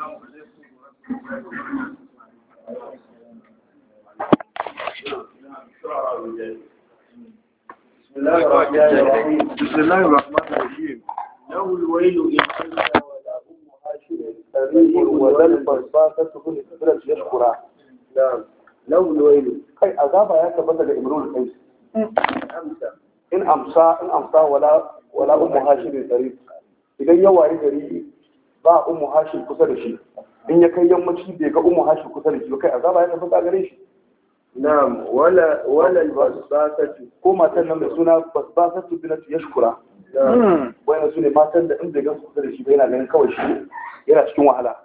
بسم الله الرحمن الرحيم بسم الله الرحمن الرحيم له الويل إن كنت ولا أم هاشم قريب ولا البرباكة كل قدرة يشكرها نعم له الويل كي أذاب يا كبدة لإمرون القيس إن أمسى إن أمسى ولا ولا أم هاشم قريب إذا يواري قريب ba umu hashim kusa da shi in ya kai yammaci bai ga umu hashim kusa da shi kai azaba ya tafi a gare shi na'am wala wala Basatu. ko matan nan mai suna basbasatu binatu yashkura wayan su ne matan da in bai ga kusa da shi ba yana ganin kawai shi yana cikin wahala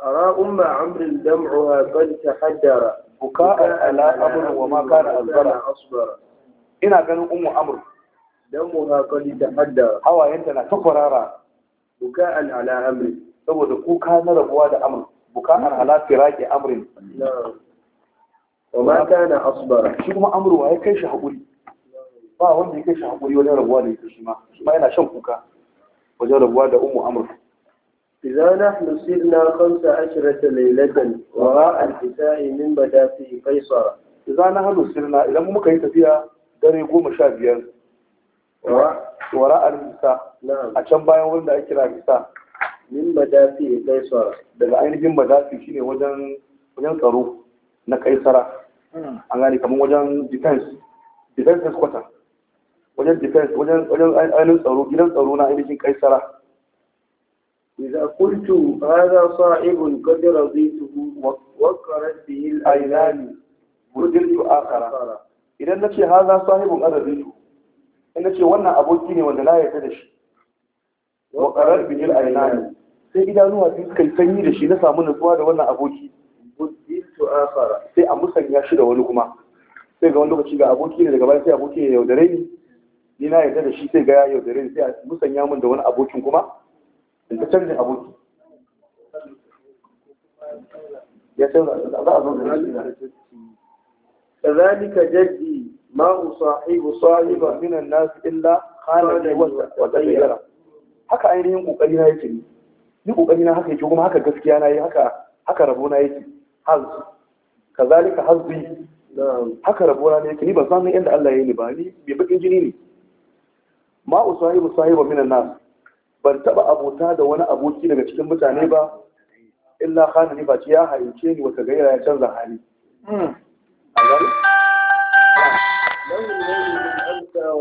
ara umma amrin dam'uha qad tahaddara buka ala amr wa ma kana asbara ina ganin ummu amr damuha qad tahaddara hawayenta na ta kwarara buka'an ala amri saboda kuka na rabuwa da amr buka'an ala firaqi amrin wa ma na asbara shi kuma Amurwa ya kai shi hakuri ba wanda ya kai shi hakuri wajen rabuwa da ita shi ma shi ma yana shan kuka wajen rabuwa da ummu amr إذا نحن سرنا خمس عشرة ليلة وراء الحساء من بدافع قيصر إذا نحن سرنا إذا ممكن تفيها داري قوم شابيا wara al-gisa a can bayan wurin da ake kira gisa min ba madafi kaisara daga ainihin ba madafi shine wajen wajen tsaro na kaisara hmm. an gane kamar wajen defense defense headquarter wajen defense wajen ainihin tsaro gidan tsaro na ainihin kaisara إذا قلت هذا صاحب قد رضيته وقرت به الأيلان قدرت آخر إذا نفسي هذا صاحب قد رضيته ina ce wannan aboki ne wanda na yarda da shi wa qarar bihil aynani sai idanuwa sun suka sanyi da shi na samu nutsuwa da wannan aboki sai a musanya shi da wani kuma sai ga wani lokaci ga aboki ne daga bayan sai aboki ya yaudare ni ni na yarda da shi sai ga ya yaudare ni sai a musanya min da wani abokin kuma in ta canjin aboki ya da za a zo da shi kazalika jaddi ma usahibu sahiba minan nas illa kharani wa tayyara haka ainihin kokari na yake ni kokari haka yake kuma haka gaskiya na yi haka haka yake haz kazalika haka rabo na yake ni ban san inda Allah ya yi ni ba ni bai bakin jini ne ma usahibu sahiba minan ban taba abota da wani aboki daga cikin mutane ba illa khanani ba ya haince ni wata gaira ya canza hali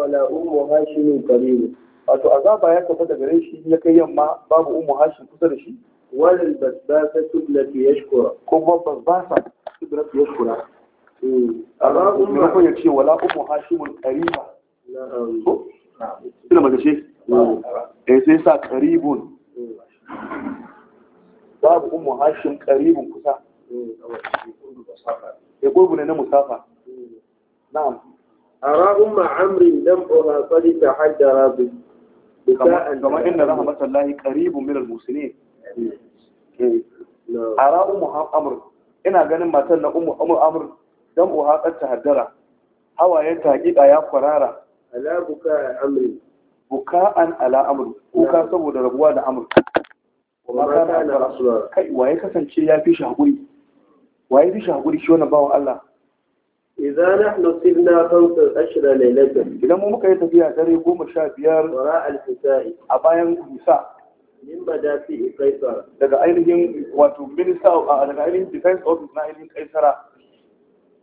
wala ummu hashimin qareeb wato azaba ya kafa da gare shi ya kai yamma babu ummu hashim kusa da shi walil basbasa tublati yashkura kuma basbasa tublati yashkura ala ummu ko ya ce wala ummu hashimin qariba ina magace eh sai sa qaribun babu ummu hashim qaribun kusa ya hmm. eh, ne na musafa hmm. na'am أرى أم عمرو دمعها قد تحجر بكاء كما إن رحمة الله قريب من المسلمين أرى أم عمرو ina ganin matar na umu umu amr dan uha haddara hawayen ta hakika ya kwarara buka amri ala amr kuka saboda rabuwa da amr kuma kana da kai waye kasance ya fi shi hakuri waye fi shi Allah إذا Idan صرنا خمس عشر ليلة إذا مو مكا يتفيا داري قوم الشافيار وراء الحساء أبايا حساء من مدافع قيصر daga ainihin wato minista daga ainihin defense office na ainihin kaisara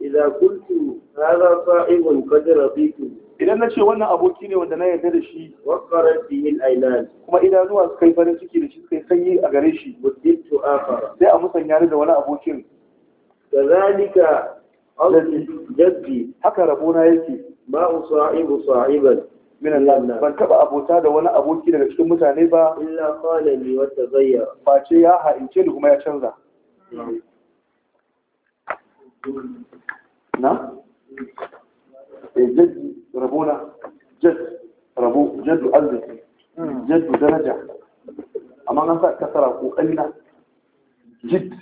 idan kuntu hada sa'ibun qad rabitu idan na ce wannan aboki ne wanda na yarda da shi wakarar bihin ainan kuma idanuwa suka yi farin ciki da shi suka yi sanyi a gare shi muddintu akhara sai a musanya da wani abokin kazalika auki jazbi haka rabona yake ma usaibu saiban min Allah ban taba abota da wani aboki daga cikin mutane ba illa qala li wa taghayyar face ya haince ni kuma ya canza na eh jazbi rabona jazbi rabu jaddu arziki hmm. jaddu daraja amma an sa kasara kokarina jid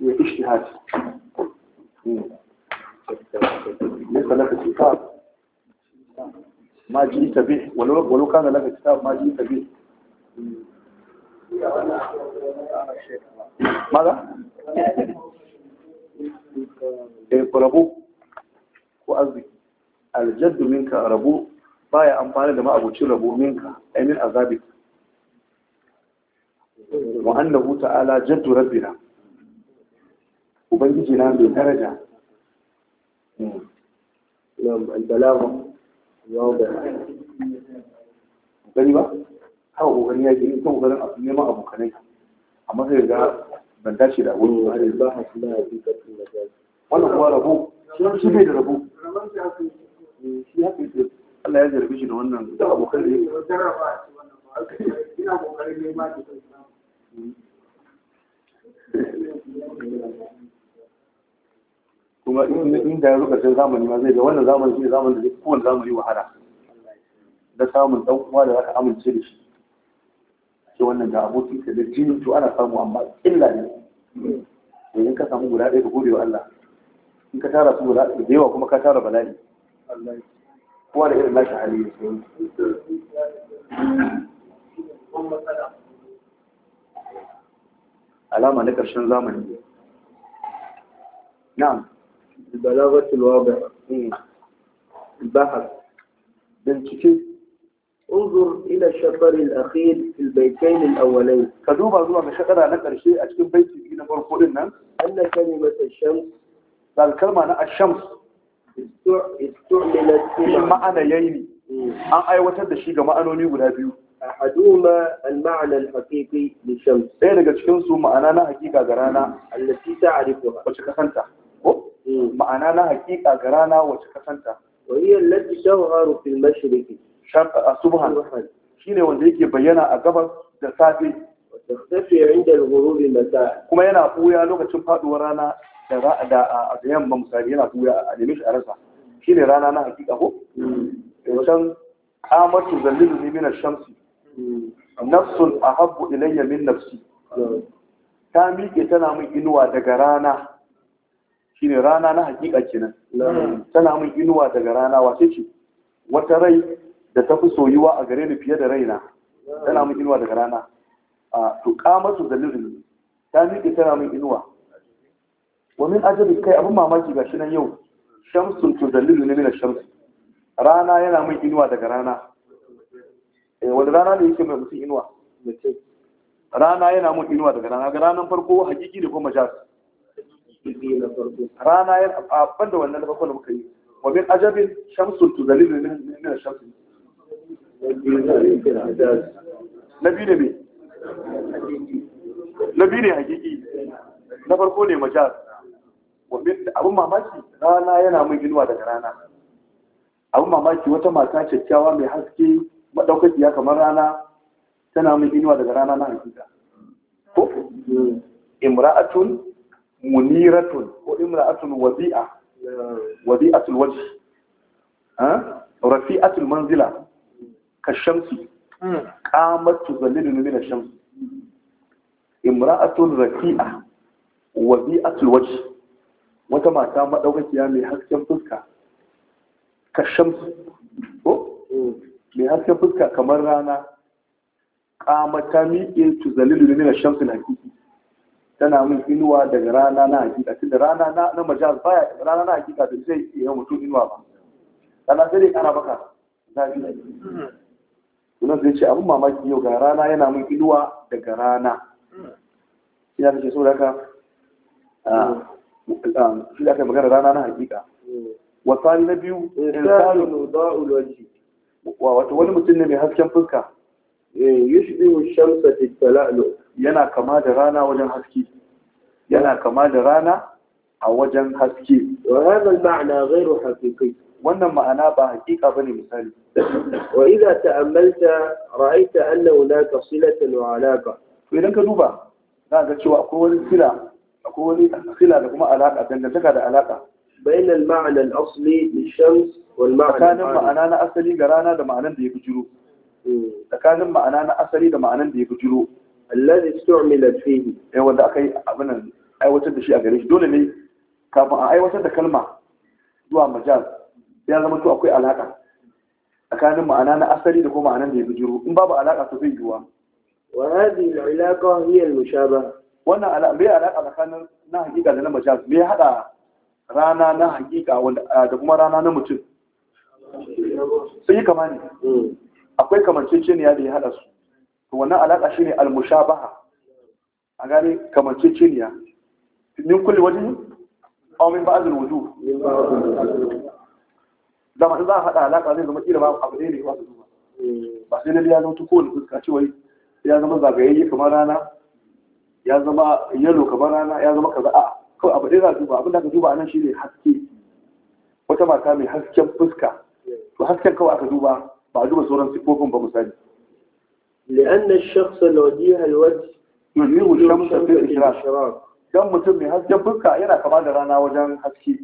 ya ishtihad ليس لك كتاب ما جئت به ولو ولو كان لك كتاب ما جئت به ماذا؟ rabu aljaddu minka rabu amfani da ma'abucin rabu minka aimin azabik ubangiji na mai daraja gani ba haka kokarin ya gini ta neman abokanai ga ban dace da wani wani ba suna da wannan kuwa shi bai da Allah ya shi da wannan da abokan da kuma inda ya ruka sai zamani ma zai ga wannan zamani shi zamani da zai kowane zamani wahala da samun dan uwa da zaka amince da shi ke wannan da abokin ka da jinin to ana samu amma illa ne to eh, in ka samu guda ɗaya ka gode wa Allah in ka tara su guda da yawa kuma ka tara bala'i kowa da irin nashi hali ne alama na ƙarshen zamani na'am البلاغة الواضحة البحث bincike انظر إلى الشطر الأخير في البيتين الأولين كذوبا زوا بشقرة نقر شيء أشكل بيتي في نمر قولنا أن كلمة الشمس فالكلمة أنا الشمس استعملت في معنى ييني أن أي وتد شيء ما أنا نيو ولا بيو أحدهما المعنى الحقيقي للشمس إيه لقد شمس معنانا حقيقة غرانا التي تعرفها وشكسنتها ma'ana na hakika ga rana wacce kasanta wa hiya allati tawharu fil mashriq sharqa subhan shine wanda yake bayyana a gabas da safe tafi inda al-ghurub mata kuma yana buya lokacin faduwar rana da da a yamma misali yana buya a nemi shi a rasa shine rana na hakika ko mm. wajen amatu zallilu ni min ash-shamsi mm. nafsun ahabbu ilayya min nafsi ta miƙe tana min inuwa daga rana shine rana na hakika kenan mm. tana min inuwa daga rana wace ce wata rai da ta fi soyuwa a gare ni fiye da raina mm. tana min inuwa daga rana a to kamatu dalilin ta miƙe tana min inuwa wamin min ajabi kai abin mamaki shi nan yau shamsun to dalilin ne mina shamsu rana yana min inuwa daga rana eh, Wani rana ne yake mai mutum inuwa rana yana min inuwa daga rana ga ranan farko hakiki da kuma majasi rana ya abban da wannan farko da muka yi wa ajabin shamsu tuzalilu min shamsu na biyu ne me na biyu ne hakiki na farko ne majaz abin mamaki rana yana min inuwa daga rana abin mamaki wata mata kyakkyawa mai haske maɗaukakiya kamar rana tana min inuwa daga rana na hakika ko imra'atun muniratun ko imra'atun wadi'a wadi'atul wajh ha rafi'atul manzila ka shamsi hmm. qamat tuzallilu min ash-shams imra'atun rafi'a wadi'atul wajh wata mata madaukakiya mai hasken fuska ka shamsi ko hmm. mai hasken fuska kamar rana qamata mi'e tuzallilu min ash-shams al-haqiqi tana min inuwa daga rana na hakika tunda rana na Majal, baya rana na hakika da zai iya mutum inuwa ba kana sai dai kara baka zafi sunan zai ce abin mamaki yau ga rana yana min inuwa daga rana ina da so da ka shi da aka magana rana na hakika wasali na biyu insanun da'ul wa wato wani mutum ne mai hasken fuska eh, yushbi shamsa titala'lu yana kama da rana wajen haske yana kama da rana a wajen haske Wannan ma'ana al-ma'na ghayru haqiqi wannan ma'ana ba hakika bane misali wa idza ta'ammalta ra'aita anna hunaka silatan wa alaqa to idan ka duba za ga cewa akwai wani sila akwai wani sila da kuma alaka dangantaka da alaka bain al-ma'na al-asli lish-shams wal ma'na ma'ana na asali ga rana da ma'anan da ya bujuro hmm. tsakanin ma'ana na asali da ma'anan da ya bujuro allazi istu'mila fihi eh wanda aka yi abin aiwatar da shi a gare shi dole ne kafin a aiwatar da kalma zuwa majaz ya zama to akwai alaka tsakanin ma'ana na asali da kuma ma'anan da ya bijiro in babu alaka to zai yiwa wa hadhihi al-ilaqa hiya al mushaba wannan alaka bai alaka tsakanin na hakika da na majaz me ya hada rana na hakika wanda ah, da kuma rana na mutum sun yi kama ne hmm. akwai kamanceceniya da ya hada su to wannan alaƙa ne al-mushabaha a gane kamanceceniya min kulli wajhi aw min ba'd al-wujuh da ma za a hada alaƙa zai zama kila ba abu ɗaya ne ba su zuwa ba sai na ya zama ta kowane fuska ce wai ya zama zagayayye kamar rana ya zama yalo kamar rana ya zama kaza a kawai abu ɗaya za a duba abin da aka duba anan ne haske wata mata mai hasken fuska to hasken kawai aka duba ba a duba sauran siffofin ba misali لأن الشخص الوديع الوجه يزيغ الشمس في الإشراق dan mutum mai hasken fuska yana kama da rana wajen haske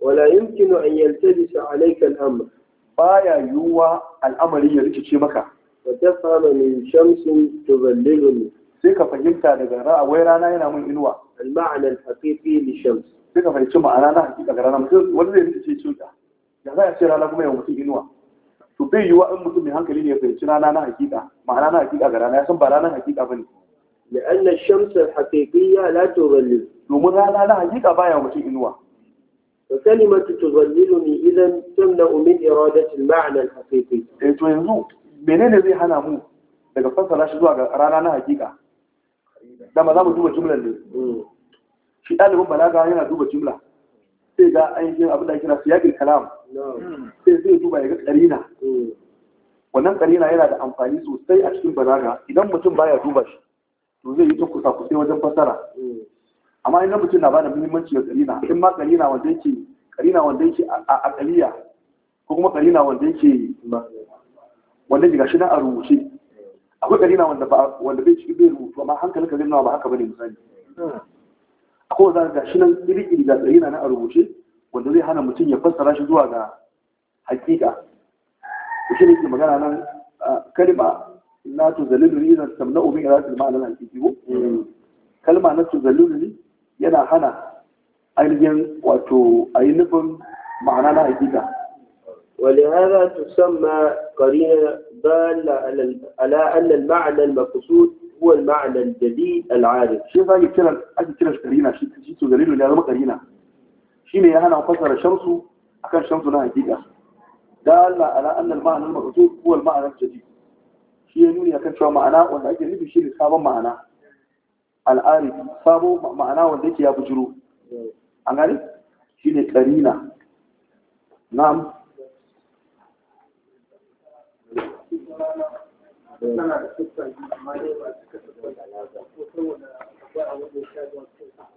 wala yumkinu an yaltabisa alayka al-amr baya yuwa al'amari ya rikice maka wa tafhama min shamsin tuballiluni sai ka fahimta daga ra'a wai rana yana mun inuwa al-ma'na al-haqiqi li shams sai ka fahimci ma'ana na hakika ga mutum rikice cuta rana kuma ya inuwa to bai wa in mutum mai hankali ne ya fahimci rana na hakika ma'ana na hakika ga rana ya san ba ranar hakika bane لأن الشمس الحقيقية لا تظلل domin rana na hakika baya mutum inuwa idan تظللني إذا تمنع من إرادة المعنى الحقيقي eh to yanzu menene zai hana mu daga fassara shi zuwa ga rana na hakika dama za mu duba jumlar ne mm. shi ɗalibin balaga yana duba jumla sai ga ainihin abin da kira siyaƙin kalam sai zai duba ya ga karina wannan karina yana da amfani sosai a cikin balaga idan mutum baya duba shi to zai yi ta kusa kusa wajen fasara amma idan mutum na bada muhimmanci ga karina in ma karina wanda yake karina wanda yake a akaliya ko kuma karina wanda yake wanda yake gashi na a rubuce akwai karina wanda ba wanda bai cikin bai rubutu amma hankalin ka zai nawa ba haka bane misali akwai wanda gashi nan iri iri ga karina na a rubuce wanda zai hana mutum ya fassara shi zuwa ga hakika shi ne ke magana nan kalma na tuzalilu ni zan tamna umin ila ta ma'anar hakiki ko kalma na tuzalilu ni yana hana ainihin wato a yi nufin ma'ana na hakika ولهذا تسمى قرينة دالة على أن المعنى المقصود هو المعنى الجديد العارف. شوف هذه كلمة هذه كلمة قرينة شيء تجي تزليل ولا ما قرينة. shine ya hana fasara shamsu akan shamsu na hakika dalla ala anna al-ma'na al-maqsud huwa al shi ya nuni kan cewa ma'ana wanda ake nufi shi ne sabon ma'ana al'arif sabon ma'ana wanda yake ya bujuro an gani shi ne karina na'am Thank you.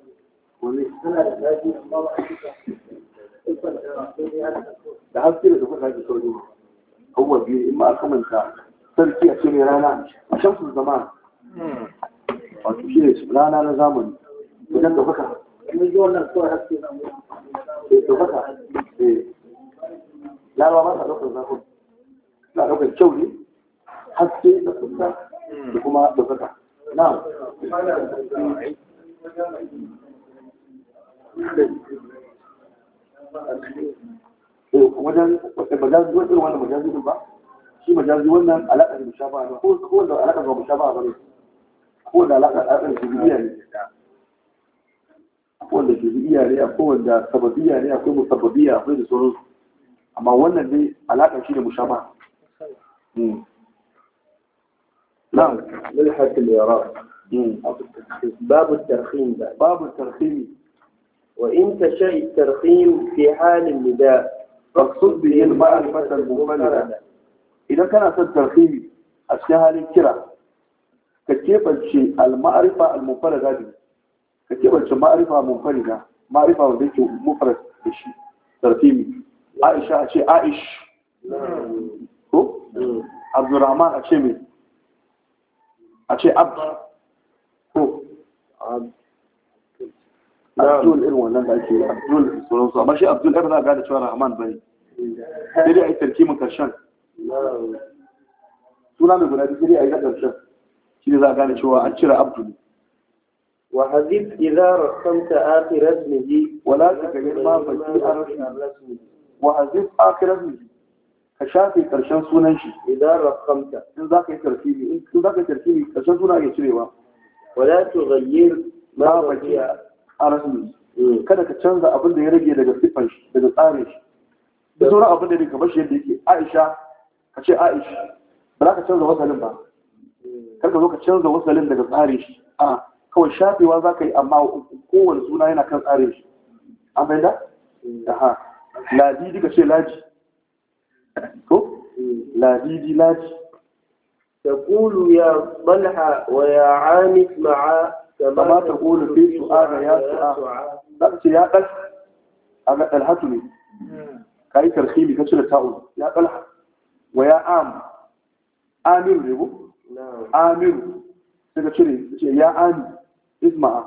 da haske da dukkan haji sauri abubuwa biyu in ma aka manta sarki a cire rana a shamsu zaman wato shi ne rana na zamani idan da baka eh, eh. yarawa ba sa ɗaukar zafin suna ɗaukar kyau ne haske da kusa da kuma da baka wajen wajen ba shi wannan alaƙa alaƙa ne ne da amma wannan ne alaƙa shi باب الترخيم باب الترخيم وإن تشاء الترخيم في حال النداء فاقصد به المعرفة المنفردة إذا كان أصد الترخيم أشياء الكرة كيف المعرفة المنفردة كيف كيف المعرفة المنفردة معرفة وديك مفرد بشي ترخيم عائشة أشي عائش عبد الرحمن أشي من أشي عبد عبد abdul irin wannan da ake abdul sauransu amma shi abdul ɗaya ba za a gane cewa rahman ba ne sai dai a yi tarkimin karshen suna mai guda biyu sai dai a yi na karshen shi ne za a gane cewa an cire abdul وحذف إذا رسمت آخر اسمه ولا تكبر ما فتي رسمه وحذف آخر اسمه كشافي كرشان سونان شي إذا رسمت إن ذاك ترتيبي إن ذاك ترتيبي كرشان سونان يشريوا ولا تغير ما فتي arasu eh, kada ka canza abin da ya rage daga siffar shi daga tsarin shi da sauran abin da ne kamar shi yadda yake aisha ka ce aisha ba za ka canza wasalin ba kar ka zo ka canza wasalin daga tsarin shi a kawai shafewa za ka yi amma kowane suna yana kan tsarin shi an da eh. ha, ladidi ka ce laji ko eh. ladidi laji ya يا wa ya عامس ma'a kama ta ƙulu fi su'ada ya su'a ce ya ɗal a ga ɗalhatu ne ka yi tarhimi ka cire ta'u. ya ɗalha wa ya am amiru ne ko amiru sai ka cire ce ya ami isma'a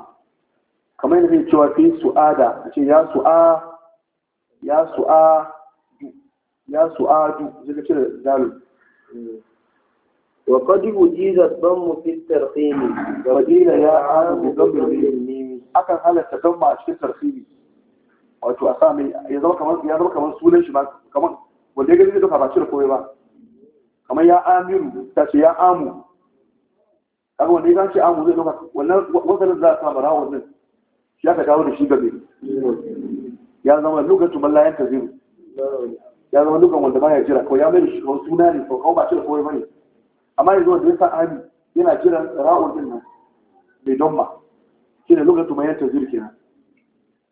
kamar yadda kai cewa fi su'ada ce ya su'a ya su'a ya su'adu sai ka cire dalil وقد وجيز الضم في الترخيم وقيل يا عام بضم الميم akan halatta don ma a cikin tarhimi wato a sami ya zama kamar ya zama kamar sunan shi ba kamar wanda ya gani da ba cire komai ba kamar ya amiru ta ya amu kaga wanda ya ce amu zai dauka wannan wasalin za a samu rawon nan ya ka dawo da shi gabe ya zama lokacin ballayan ta zero ya zama lokacin wanda baya jira ko ya mai shi kamar suna ba cire komai ba ne amma yanzu wanda ya sa ami yana kiran ra'un din nan mai don ma shi ne lokacin mai yanta zirki na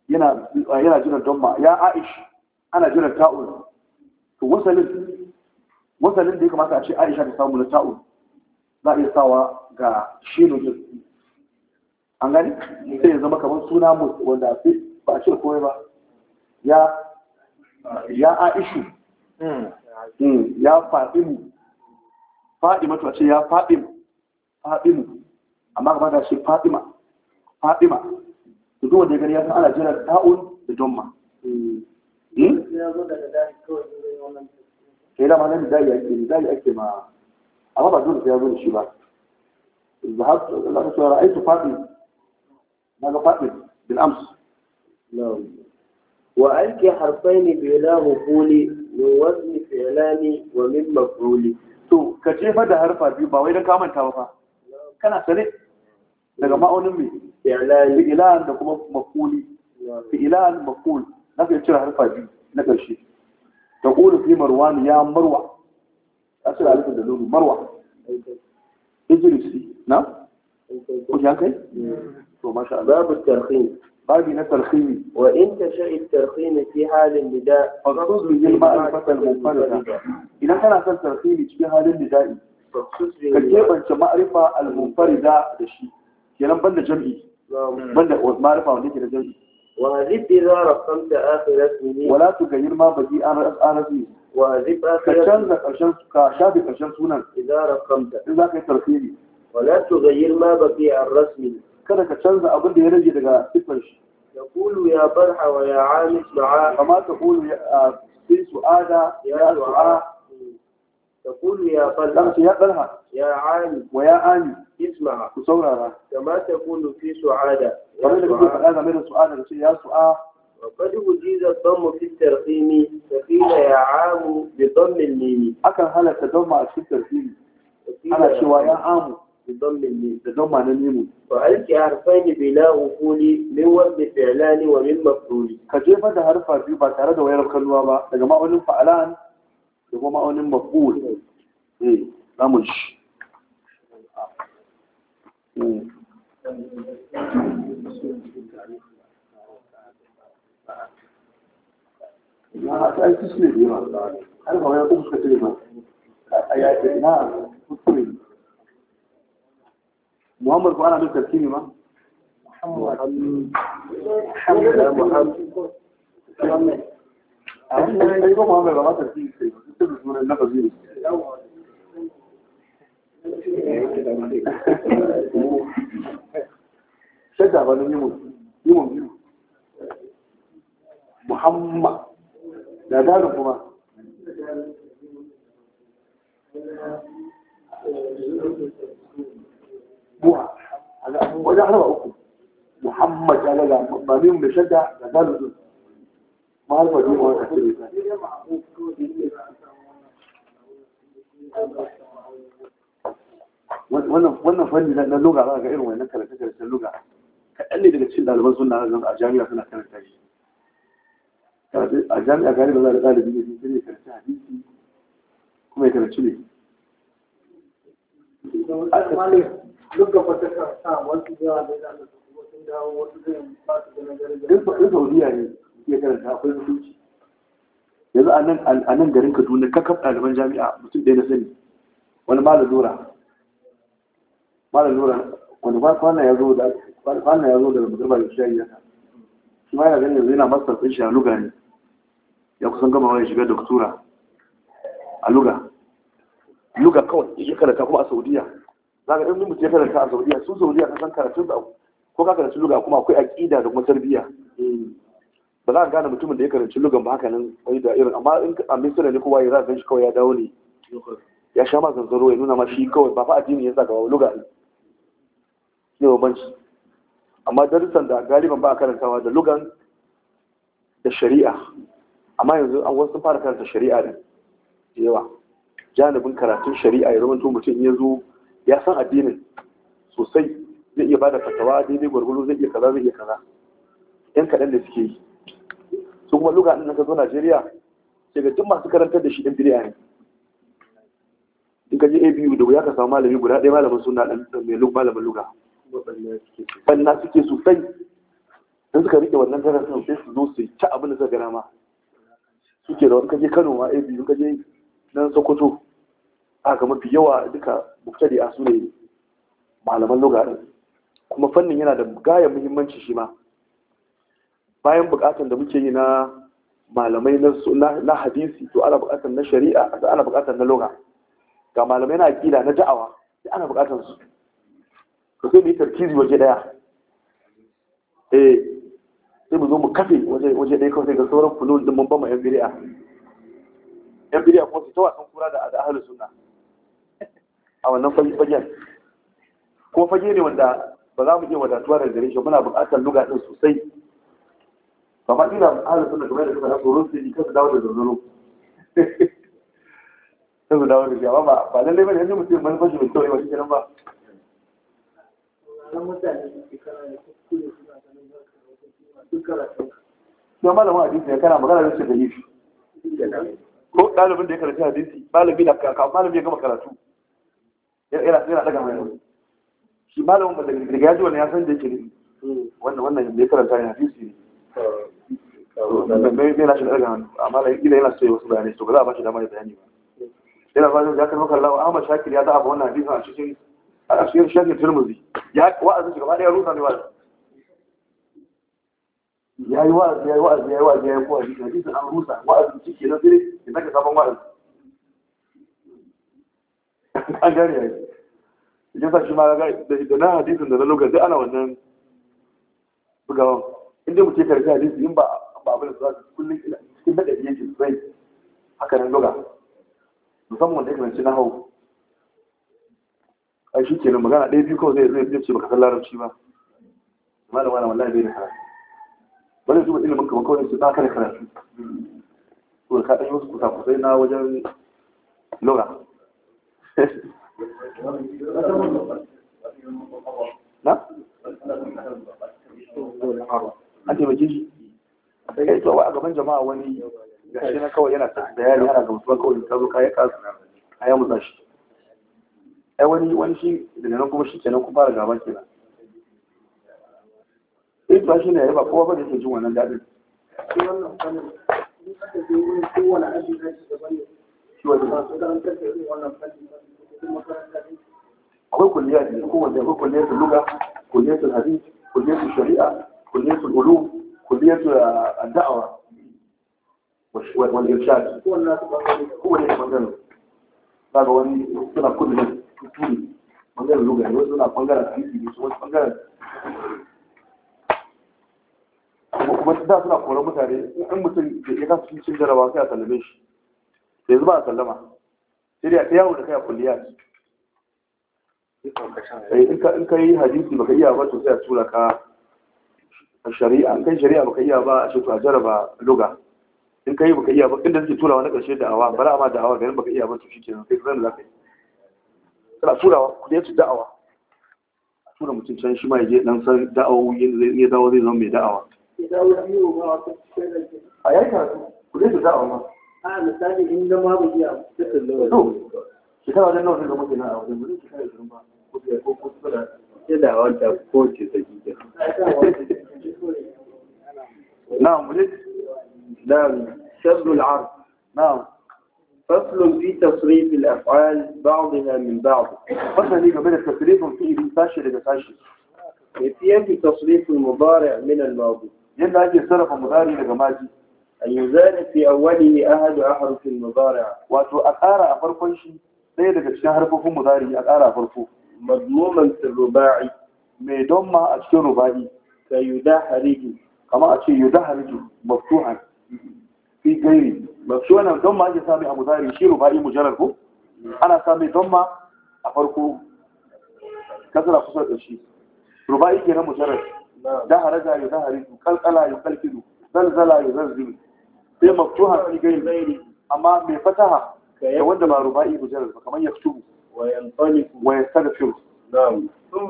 yana jiran don ma ya aish ana jiran ta'ul. to wasalin wasalin da ya kamata a ce aisha ta samu na ta'ul, za a iya sawa ga shino din an gani sai ya zama kamar suna wanda ba a ce kowai ba ya ya aishu hmm. hmm, ya fatimu fadima a ce ya fadima fadimu amma gaba da shi fadima fadima to duk wanda ya gani ya san ana jiran ta'un da domma sai hmm? eh, da ma nan da ya ke da ma amma ba dole ya zo da shi ba ذهبت لقد رأيت فاطمة ماذا فاطمة بالأمس نعم وألقي حرفين بلا مفعول من وزن فعلان ومن مفعول ka jefa da harfa biyu ba wai don ka manta ba fa kana sane daga ma'aunin mai fi'ilan da kuma makuli fi'ilan makul na ka cire harfa biyu na ƙarshe ta ƙuri fi ne ya marwa a cire alifin da lulu marwa idrisi na? ko ya kai? Hmm. to masha Allah babu tarhin هذه ترخيم وإن تشاء الترخيم في حال النداء فقصد به الفتى المنفردة إذا كان أصلا ترخيم في حال النداء كيف أنت معرفة المنفردة لشيء كلام بند جمعي نعم. بند معرفة وليك لجمعي وهذب إذا رقمت آخر اسمه ولا تغير ما بدي أنا فيه وهذب آخر اسمه كشابك أشان سونا إذا رقمت إذا كنت ترخيمي ولا تغير ما بقي الرسم kada ka canza abin da ya rage daga sifar shi ya kulu ya barha wa ya amis du'a kama ta kulu ya fi su'ada ya du'a ya kulu ya barha lamsu ya barha ya ami wa ya ami isma kulu fi su'ada da kuka faɗa game da su'ada da ce ya su'a وقد وجد الضم في الترقيم فقيل يا عام بضم الميم. أكن هلا تضم في الترقيم. أنا بضم بضم على الميم وعليك حرفين بلا وصول من وزن فعلان ومن مفعول كجيفة ده حرف في بعد ترى ده ويرب كنوا با ده ما أقول فعلان ده ما أقول مفعول إيه لا مش لا تسلم يا رب هل هو يقوم كتير ما أيات آية؟ نعم محمد فؤاد عامل تركيبي ما محمد محمد محمد محمد محمد لا دار Thank you. اسبوع وده أنا أقول محمد قال لا ما ليهم بشده ده ده ما عارف اجيب وانا اكتب وانا وانا فني ده اللغه بقى غير وانا كده كده اللغه قال لي ده تشيل ده الباز قلنا على الجامعه كنا كانت تاجي الجامعه غالبا غالبا دي دي كانت تاجي كما كانت تشيل duk gaba ta kan sa wasu yawa da ya su kuma sun dawo wasu zai ba su ganin garin garin ba ɗin sauriya ne ya karanta akwai hukunci yanzu a nan garin kaduna kakaf ɗaliban jami'a mutum ɗaya na sani wani malam lura malam lura wani kwana ya zo da kwana ya zo daga mutum da shi ya shi ma yana ganin yanzu yana masar ɗin shi a luga ne ya kusan gama wani shiga doktora a luga luga kawai ya karanta kuma a saudiya zaka in mutum ya karanta a Saudiya su Saudiya ka san karatun da ko ka karanci luga kuma akwai aqida da kuma tarbiyya hmm. ba za ka gane mutumin da ya karanci lugan ba haka nan wani da irin amma in a misira ne kowa ya za shi kawai ya dawo ne ya sha ma zanzaro ya nuna ma shi kawai ba fa addini ya sa gaba luga ne ne banci. amma darussan da galiban ba a karantawa da lugan da shari'a amma yanzu an wasu fara karanta shari'a ne da yawa janibin karatun shari'a ya zama mutum ya zo ya san addinin sosai zai iya bada fatawa daidai gwargwaro zai iya kaza zai iya kaza yan kaɗan da suke yi su kuma luga ɗin ka zo najeriya sai ga duk masu karantar da shi ɗin biriya ne in ka je abu da wuya ka samu malami guda ɗaya malamin suna ɗan mai lug malamin luga Wannan suke sosai in suka rike wannan sun sai su zo su ta abin da suka gana ma suke da wani kaje kano ma abu in ka je nan sokoto a ga mafi yawa duka muktadi a su ne malaman lugarin kuma fannin yana da gaya muhimmanci shi ma bayan bukatan da muke yi na malamai na hadisi to ana bukatan na shari'a ana bukatan na lugha ga malamai na aƙida na da'awa sai ana buƙatar su to sai mu yi tarkizi waje ɗaya eh sai mu zo mu kafe waje waje ɗaya kawai ga sauran fulul din mun ba mu yan bid'a yan bid'a kuma su ta wasan kura da ahlus sunna a wannan fagen ko fage ne wanda ba za mu iya wadatuwa da gare shi muna buƙatar luga ɗin sosai ba ma ina ahalin suna kamar da suka na tsoron su yi su dawo da zanzaro Sai su dawo da shi amma ba ba lallai ba yanzu mutum yin shi mai kyau yawa shi kenan ba ya malama abinci ya kana magana da shi da yi ko ɗalibin da ya karanta hadisi ɗalibi da malami ya gama karatu yana yana daga mai shi malamin ba da ya ji wannan ya san da hmm. wannan wannan da ya karanta ne hadisi ne daga hannu amma da yana so ya wasu bayanai to ba za a ba shi ya bayani ba yana ba ya Shakir ya da abu wannan a cikin a cikin Shakir Tirmidhi ya wa'azi gaba daya rusa ne wa'azi ya yi wa'azi ya yi wa'azi ya yi wa'azi ya yi wa'azi an rusa wa'azi ciki na sai ya saka sabon wa'azi an gari ya yi ya sa shi ma da na hadisin da na lokar duk ana wannan bugawan inda mutum karfi hadisi in ba abu da su kullum cikin daga iya ke sai haka nan loga musamman wanda ya kamanci na hau a shi nan magana ɗaya biyu kawai zai zai ce baka san larabci ba malam wani wallahi bai da karatu Wani zai zuba ilimin kamar kawai su ba ka da karatu to ka ɗan yi wasu kusa-kusai na wajen loga na? an taimake shi a sai kai a gaban jama'a wani gashi na kawai yana bayani yana gamsuwa kawai ta zo ya kasu kayan mutsa shi ai wani wani shi daga nan kuma shi kenan kun fara gaban kenan eh ba shi ne ba kowa ba da yake jin wannan daɗin akwai kulliya ne kowanne akwai kulliyar su luga kulliyar su hadis kulliyar su shari'a kulliyar su ulu, kulliyar su ah, da'awa wal irshad kowanne ne bangare daga wani suna kullum tuturi bangaren luga ne wasu suna bangaren hadisi ne wasu bangaren kuma da suna koran mutane in mutum ya kasu cikin jarabawa sai a talabe shi yanzu ba a sallama sai ta yawo da kai a kulliyat eh, in ka yi hadisi baka iya ba to sai a tura ka a shari'a in kai shari'a baka iya ba a shi a jaraba luga in kai baka iya ba inda suke turawa na ƙarshe da'awa bara ma da'awa garin baka iya ba to nan sai zan zaka yi kana turawa ku da su da'awa a tura mutum can shi ma ya je dan san da'awoyin ya dawo zai zama mai da'awa a yayin karatu ku da su da'awa ma a misali in da ma bai iya dukkan lawan shekara wajen nawa ne zama kenan a wajen mulki shekara ishirin ba ko biyar ko ko tsara yana wata ko ce ta gida na'am mulki na'am shaddu al'ard na'am فصل في تصريف الأفعال بعضها من بعض فصل ليه بين التصريف في فاشل إذا فاشل يتيجي تصريف المضارع من الماضي يبقى أجي صرف المضارع لجماجي an an wani ne المزارع في أوله أحد Wato a ƙara a farkon shi, ɗaya daga cikin harfofin muzari a ƙara a farko mazmuman ruba'i mai don ma a cikin ruba'i ka yuda hariju kama a ce yuda hariju maftuhan fi gairi shi wannan don ma ake sami a muzari shi ruba'i mujarar ko ana sami don ma a farko kasara kusa da shi ruba'i ke na mujarar da haraja yuda hariju kalkala yukalkilu zalzala yuzalzilu بما فتوها في غير البيل أما من فتها يود ما رباعي بزيادة فكمان يكتب وينطلق ويستدفر نعم ثم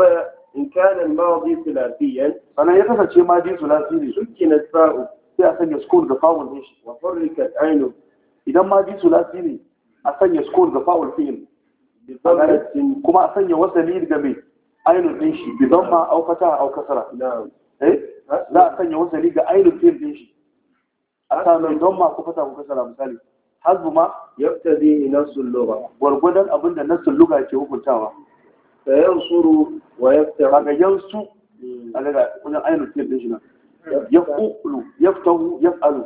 إن كان الماضي ثلاثيا أنا يقصد شيء ماضي ثلاثي سكن الفاء في أسن يسكون دفاع والهش وحركت عينه إذا ماضي ثلاثي أسن يسكون دفاع والفين كما أسن يوصلي الجميل عين الهش بضمها أو فتحها أو كسرة نعم إيه؟ لا أسن يوصلي عين الفين الهش a sa mai don ma ku fata ku kasara misali hazbu ma yaftazi nasul lugha gurgudan abin da nasul lugha ke hukuntawa fa yansuru wa yaftahu kaga yansu alaga kullun ayyul tilbin shi nan yaqulu yaftahu yaf'alu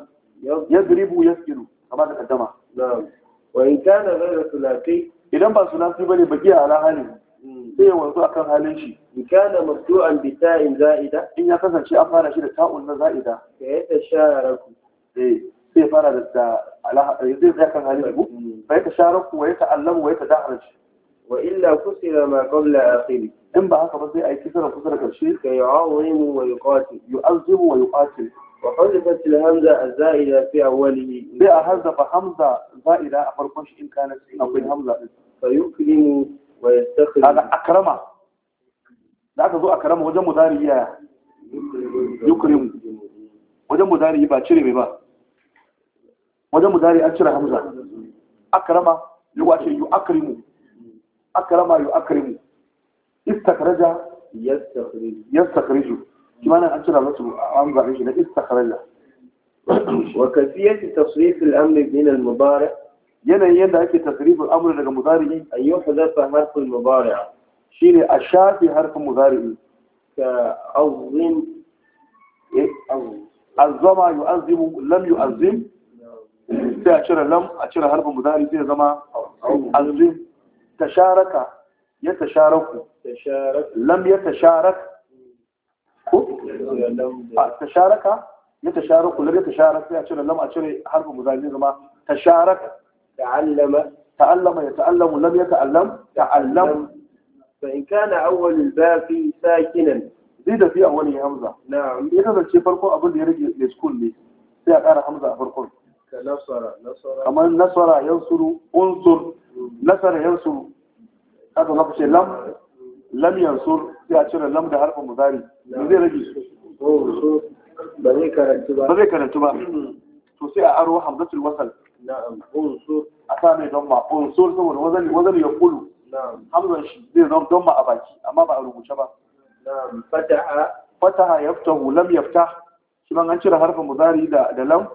yadribu yasqilu kama da kaddama wa in kana ghayra sulati idan ba sulati bane baki ala halin hmm. sai ya wanzu akan halin shi in kana mabdu'an bi ta'in za'ida in ya kasance an fara shi da ta'un na za'ida ya yata sharaku sai eh, fara da eh, zai zai kan halin ku bai ta share ku ya ta Wa ya ta da'ar shi wa illa kusira ma qabla akhiri in ba haka ba sai ai kisara kusura karshe ka yu'awimu wa yuqatil yu'azzimu wa yuqatil wa hadafat al-hamza az-za'ida fi awwalihi sai a hadafa hamza za'ida a farkon shi in kana sai akwai mm. hamza din fa yukrimu wa yastakhdim hada akrama da aka zo akrama wajen mudari ya yukrimu wajen mudari ba cire mai ba wajen mu mudari an cire hamza akrama yau a ce yu akrimu akrama yu akrimu istakhraja yastakhriju kuma an cire an hamza shi na istakhraja wa kafiyat tasrif al-amr min al-mudari yanayin yadda ake tasrif al-amr daga mudari an fa harf al shi ne a shafi harfin mudari ka azim azama yu'azzimu lam yu'azzim sai a cire lam a cire harfin mudari sai ya zama azim tasharaka ya tasharaku lam ya tasharak ko tasharaka ya tasharaku lam ya tasharak sai a cire lam a cire harfin mudari sai zama tasharaka ta'allama ta'allama ya ta'allamu lam ya ta'allam ta'allam فإن كان أول الباب ساكنا zai fi a wani hamza na ya kasance farko abin da ya rage ya sukun ne sai a ƙara hamza a farkon kamar nasara suru, unsur nasara yansuru suru. za ku ce lam lam yansur sai a cire lam da harfa muzari me zai rage ba zai karantu ba to sai a aro hamzatul wasal a sa mai don ma unsur saboda wazali wazali ya kulu hamzan shi zai zama don ma a baki amma ba a rubuce ba fataha fataha yaftahu lam yaftah shi ban an cire harfa muzari da lam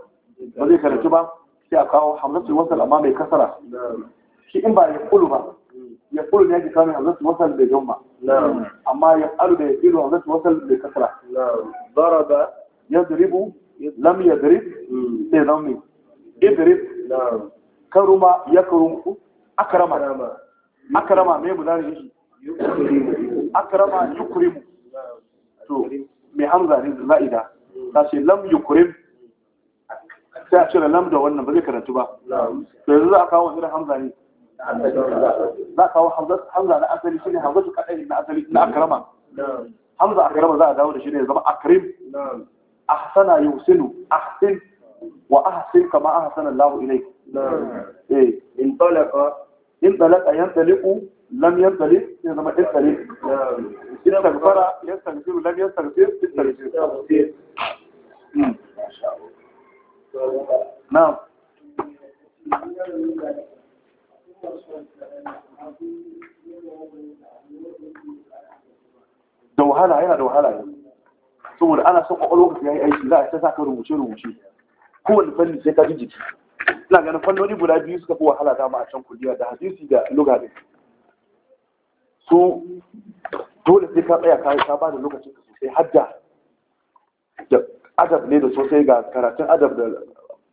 ba zai karatu ba sai a kawo hamzatul wasal amma mai kasara shi in ba ya kulu ba ya kulu ne yake kawo hamzatul wasal bai jumma amma ya alu da ya ilu hamzatul wasal bai kasara daraba yadribu lam yadrib hmm. sai zammi idrib karuma ya yakrumu akrama akrama me mu zari shi akrama yukrimu to mai hamza ne za'ida hmm. ta ce lam yukrim sai a cire lam da wannan ba zai karantu ba to yanzu za a kawo wani hamza ne za a kawo hamza na asali shine hamza su kadai na asali na akrama hamza akrama za a dawo da shi ne ya zama akrim ahsana yusinu ahsin wa ahsin kama ahsana Allah ilayk eh in talaqa in talaqa yantaliqu lam yantaliq ya zama intaliq istaghfara yastaghfiru lam yastaghfir istaghfir na'am da wahala yana da wahala ne saboda ana son kwakwalwa ya yi aiki za a ta sa ka rubuce-rubuce fanni sai ka ji jiki ina ganin fannoni guda biyu suka fi wahala dama a can kuliya da hadisi da lugari so dole sai ka tsaya ka ba da lokacin ka sosai hadda adab ne da sosai ga karatun adab da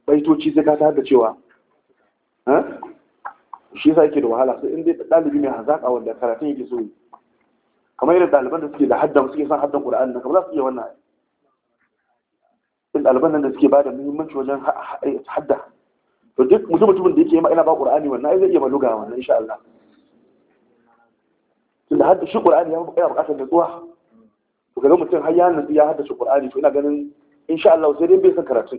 baitoci zai kata da cewa shi sa yake da wahala sai in dai ɗalibi mai hazaƙa wanda karatun yake so kamar yadda ɗaliban da suke da haddan suke san haddan ƙura'an nan kamar za su iya wannan in ɗaliban nan da suke ba da muhimmanci wajen eh, hadda to duk mutum mutumin da yake yi ma'ina ba ƙura'ani wannan ai zai iya maluga wannan insha Allah da hadda shi ƙura'ani ya buƙatar tsuwa to ga mutum har ya nutsu ya haddashi ƙura'ani to ina ganin insha Allah sai dai bai san karatu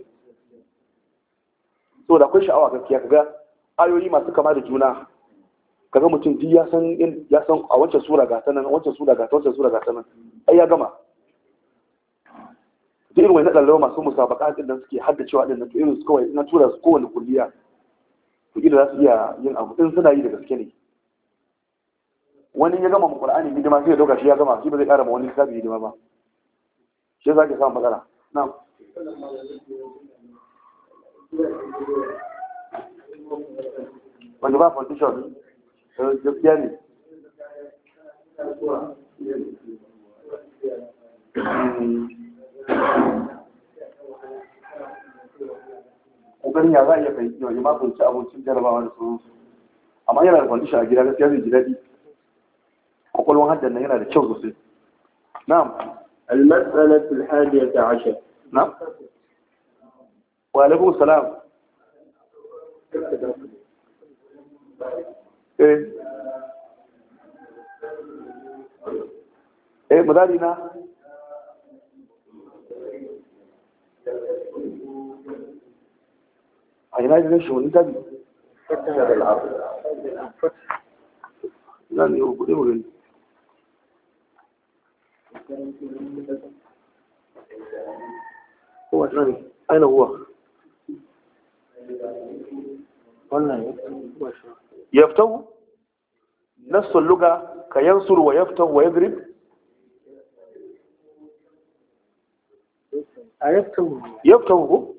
to da akwai sha'awa gaskiya kaga ayoyi masu kama da juna kaga mutum duk ya san ya san a wancan sura ga sanan a wancan sura ga ta wancan sura ga sanan ai ya gama duk irin wani dalilai masu musabaka din nan suke haddacewa din nan to irin su kawai na tura su kowane kulliya to idan za su iya yin abu in suna yi da gaske ne wani ya gama mu qur'ani hidima sai ya dauka shi ya gama shi ba zai ƙara ma wani lissafi hidima ba shi za ka samu matsala نعم wanda ba foundation eh, gaskiya ne ƙoƙarin ya za a iya fahimci wajen makonci abincin jarabawa da sauransu amma yana da foundation a gida gaskiya zai ji daɗi ƙwaƙwalwan haddan nan yana da kyau sosai na'am المسألة الحادية عشر نعم وعليكم السلام ايه ايه مدارينا اين هذا الشغل ده فتح العرض لن يقول هو الثاني أين هو؟ يفتو نفس اللغة كينصر ويفتو ويضرب يفتو يفتو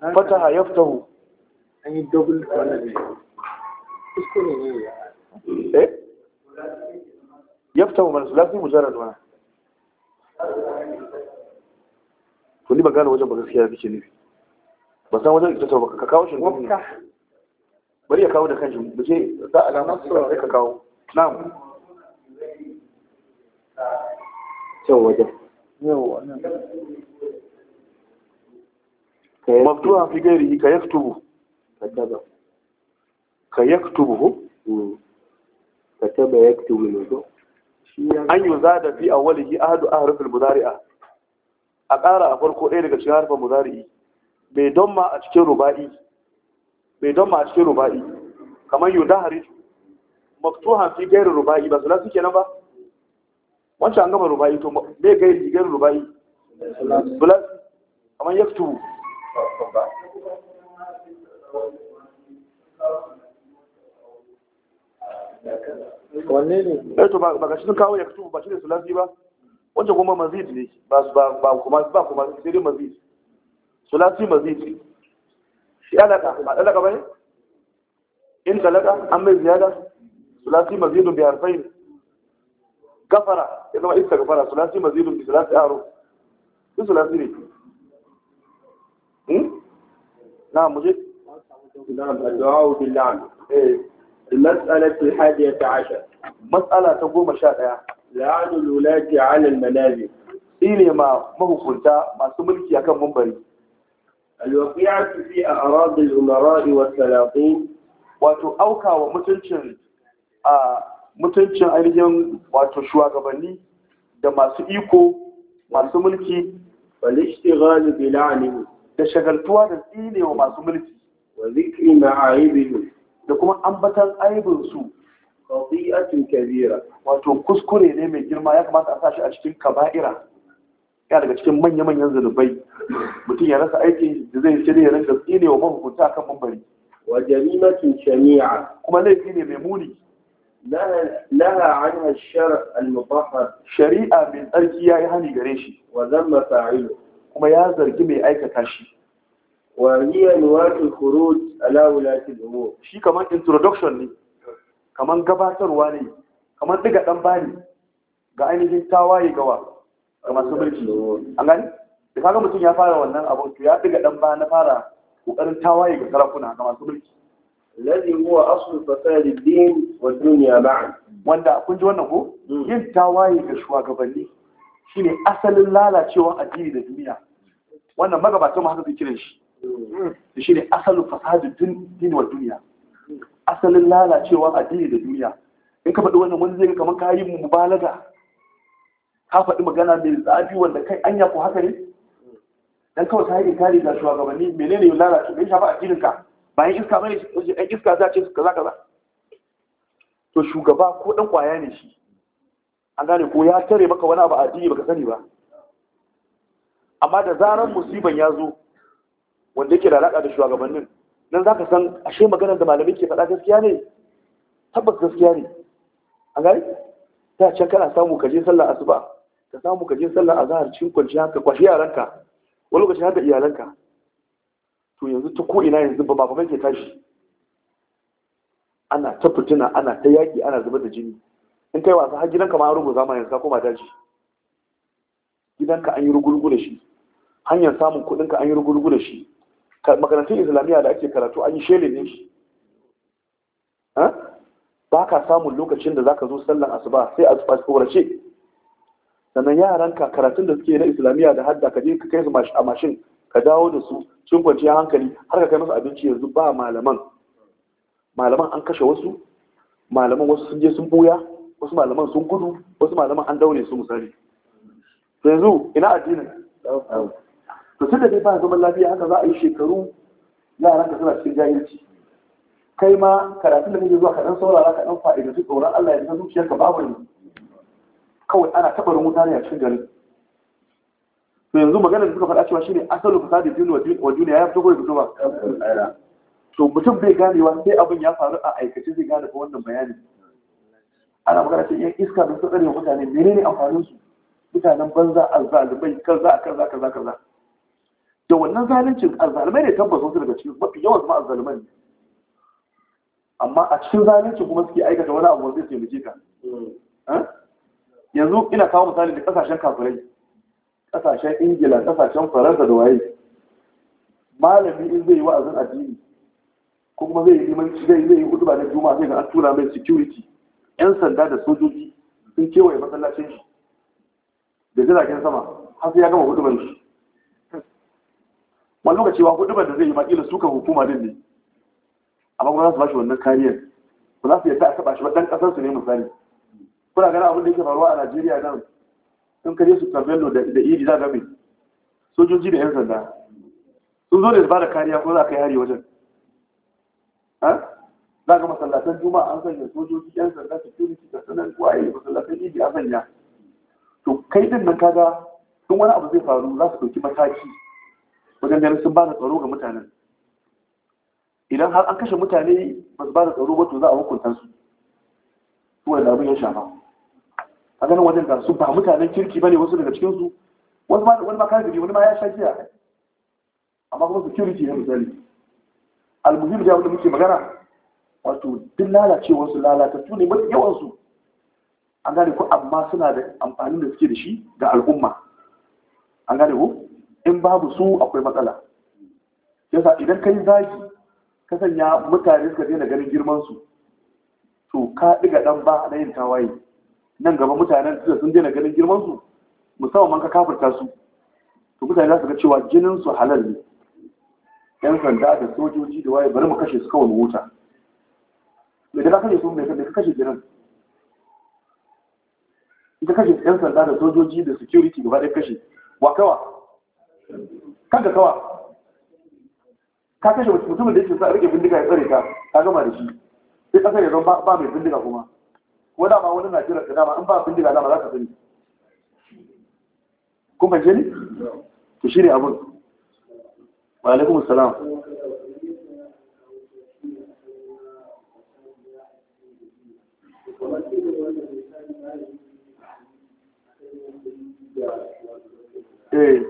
فتح يفتو أي دبل إيه yaftahu man lafi mujarrad wa to ni ba gane wajen ba gaskiya kake nufi ba san wajen ita ba ka kawo shi bari ya kawo da kanshi mu je za a lama sai ka kawo na'am can wajen مفتوحا في غيره كيكتبه كتب كيكتبه كتب يكتب an yi za da fi a wali ahadu a harfin muzari'a a ƙara a farko ɗaya daga cikin harfin muzari'i bai don ma a cikin ruba'i bai don ma a cikin ruba'i kamar yau da haritu maktu fi gairin ruba'i ba su lasu kenan ba wancan an gama ruba'i to mai gairi gairin ruba'i kamar yaktu wanne ne eh to ba ga shi kawo ya kutubu ba shi ne sulasi ba wanda kuma mazid ne ba ba kuma ba kuma sai dai mazid sulasi mazid shi alaka ba alaka bane in talaka an mai ziyada sulasi mazidun bi harfain gafara ya zama iska gafara sulasi mazidun bi sulasi aro shi sulasi ne hmm? na muje na addu'a billahi eh المسألة الحادية عشر مسألة تقوم شاء لعن الولاة على المنازل إلي ما ما هو كنت ما سملكي أكم منبري الوقيعة في أعراض الأمراء والسلاطين واتو أوكا ومتنشن آه mutuncin ainihin wato shugabanni da masu iko masu mulki walishtighalu bi la'nihi da shagaltuwa da tsinewa masu mulki wa zikri ma'aibihim da kuma ambatan aibin su qadiyatun kabira wato kuskure ne mai girma ya kamata a sashi a cikin kaba'ira ya daga cikin manya-manyan zunubai mutum ya rasa aikin da zai shirya ya rinka tsine wa mahukunta akan mambari wa jarimatin shani'a kuma laifi ne mai muni laha anha shar al shari'a mai tsarki ya yi hani gare shi wa zamma fa'ilu kuma ya zargi mai aikata shi wa hiya nuwatul khuruj ala wulati al-umur shi kaman introduction ne kaman gabatarwa ne kaman diga dan bani ga ainihin tawaye gawa ga masu mulki an gani da kaga mutum ya fara wannan abun to ya diga dan ba na fara kokarin tawaye ga sarakuna ga masu mulki alladhi huwa aslu fasadi din wa dunya ba'd wanda kun ji wannan ko hmm. yin tawaye ga shugabanni shine asalin lalacewar addini da duniya wannan magabatan mu haka suke kiran shi shi ne asalin fasadu din wa duniya asalin lalacewa addini da duniya in ka faɗi wannan wani zai kamar kayi mubalaga ka faɗi magana mai zafi wanda kai anya ko haka ne dan kawai ka yi kare ga shugabanni menene ya lalace bai shafa addinin ka bayan iska bane ɗan iska za ce kaza kaza to shugaba ko ɗan ƙwaya ne shi an gane ko ya tare maka wani abu addini baka sani ba amma da zarar musiban ya zo wanda yake da alaƙa da shugabannin nan za ka san ashe maganar da malamai ke faɗa gaskiya ne tabbas gaskiya ne an gani ta can kana samu ka je sallah asuba ka samu ka je a azahar cikin kwanciya ka kwashi yaranka wani lokaci haka iyalanka to yanzu ta ko ina yanzu ba ba mai ke tashi ana ta fitina ana ta yaƙi ana zubar da jini in kai wasa har gidanka ma an rubuta ma yanzu ka koma daji gidanka an yi rugurgu da shi hanyar samun kuɗinka an yi rugurgu da shi makarantun islamiyya da ake karatu an yi shele ne shi ba ka samun lokacin da zaka zo sallan asuba sai a tsorace sannan yaran ka karatun da suke na islamiyya da hadda ka je ka kai su a mashin ka dawo da su sun kwanciyar hankali har ka kai musu abinci yanzu ba malaman malaman an kashe wasu malaman wasu sun je sun buya wasu malaman sun gudu wasu malaman an daure su misali yanzu ina addinin to tun da dai fara zaman lafiya haka za a yi shekaru yaran ka suna cikin jahilci kai ma karatun da kake zuwa ka dan saurara ka dan fa'ida su tsoron Allah ya san zuciyarka babu ne kawai ana taɓa rubuta ne a cikin garin to yanzu maganar da suka faɗa cewa shine asalin fasadi din wa duniya ya fito ko ya fito ba to mutum bai ganewa sai abin ya faru a aikace zai gane ko wannan bayani ana magana ce yan iska da su tsare mutane menene amfanin su mutanen banza azzalimai kaza kaza kaza kaza da wannan zalincin azalmai ne tabbas wasu daga cikin mafi yawan zama azalmai ne amma a cikin zalincin kuma suke aikata wani abu zai muke ka eh? yanzu ina kawo misali da kasashen kafirai kasashen ingila kasashen faransa da waye malami in zai yi wa'azin addini ko kuma zai yi limanci zai zai yi hutuba na juma'a sai ga an tura mai security yan sanda da sojoji sun kewaye masallacin shi da jiragen sama har sai ya gama hutuban shi wani lokaci wa hudubar da zai yi makila suka hukuma din ne amma kuma za su bashi wannan kariyar ba za su yadda a taɓa shi ba ɗan ƙasarsu ne misali kuna gana abin da yake faruwa a najeriya nan sun kare su tambello da iri za ga mai sojoji da 'yan sanda sun zo da ba da kariya ko za ka yi hari wajen za ga masallatan juma an sanya sojoji 'yan sanda security da sanar kwaye masallatan iri an sanya to kai din nan kaga tun wani abu zai faru za su ɗauki mataki wajen ganin sun ba da tsaro ga mutanen idan har an kashe mutane ba su ba da tsaro wato za a hukunta su su wanda abin ya shafa a ganin wajen da su ba mutanen kirki ba ne wasu daga cikinsu wani ma wani ma gari wani ma ya sha giya amma kuma security ne misali almuhim da wanda muke magana wato duk lalacewar su lalatattu ne mafi yawan su an gane ko amma suna da amfani da suke da shi ga al'umma an gane ko in babu su akwai matsala yasa idan ka yi zagi ka sanya mutane suka daina ganin girman su to ka ɗiga ɗan ba na yin tawaye nan gaba mutanen da sun daina ganin girman su musamman ka kafirta su to mutane za su ga cewa jinin su halal ne yan sanda da sojoji da waye bari mu kashe su kawai wuta me da kashe su me ka kashe jinin ita kashe yan sanda da sojoji da security gaba ɗaya kashe wa kawa kanka kawa ka kashe mutumin da yake sa rike bindiga ya tsare ka ka gama da shi sai kasar ya zama ba mai bindiga kuma ko dama wani na jira ka dama in ba bindiga dama za ka sani kun fahimce ni to shirya abun wa alaikum assalam eh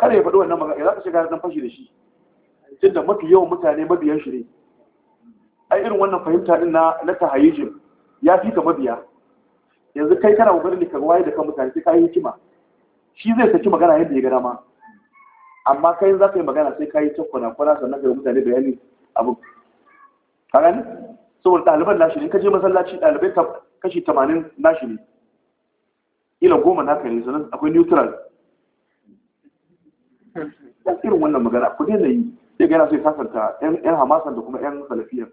kada ya faɗi wannan magana za ka shiga dan fashi da shi tun da mafi yawan mutane mabiyan shi ne ai irin wannan fahimta din na na tahayyijin ya fi ka mabiya yanzu kai kana kokarin ka waye da kan mutane sai ka yi hikima shi zai saki magana yadda ya ga ma amma kai za ka yi magana sai ka yi ta kwana-kwana sannan ka yi mutane bayani abu ka gani saboda ɗaliban nashi ne ka je masallaci ɗalibai kashi tamanin nashi ne ila goma naka ne sannan akwai neutral ɗan irin wannan magana ku daina yi sai ga sai sasanta yan hamasan da kuma yan salafiyar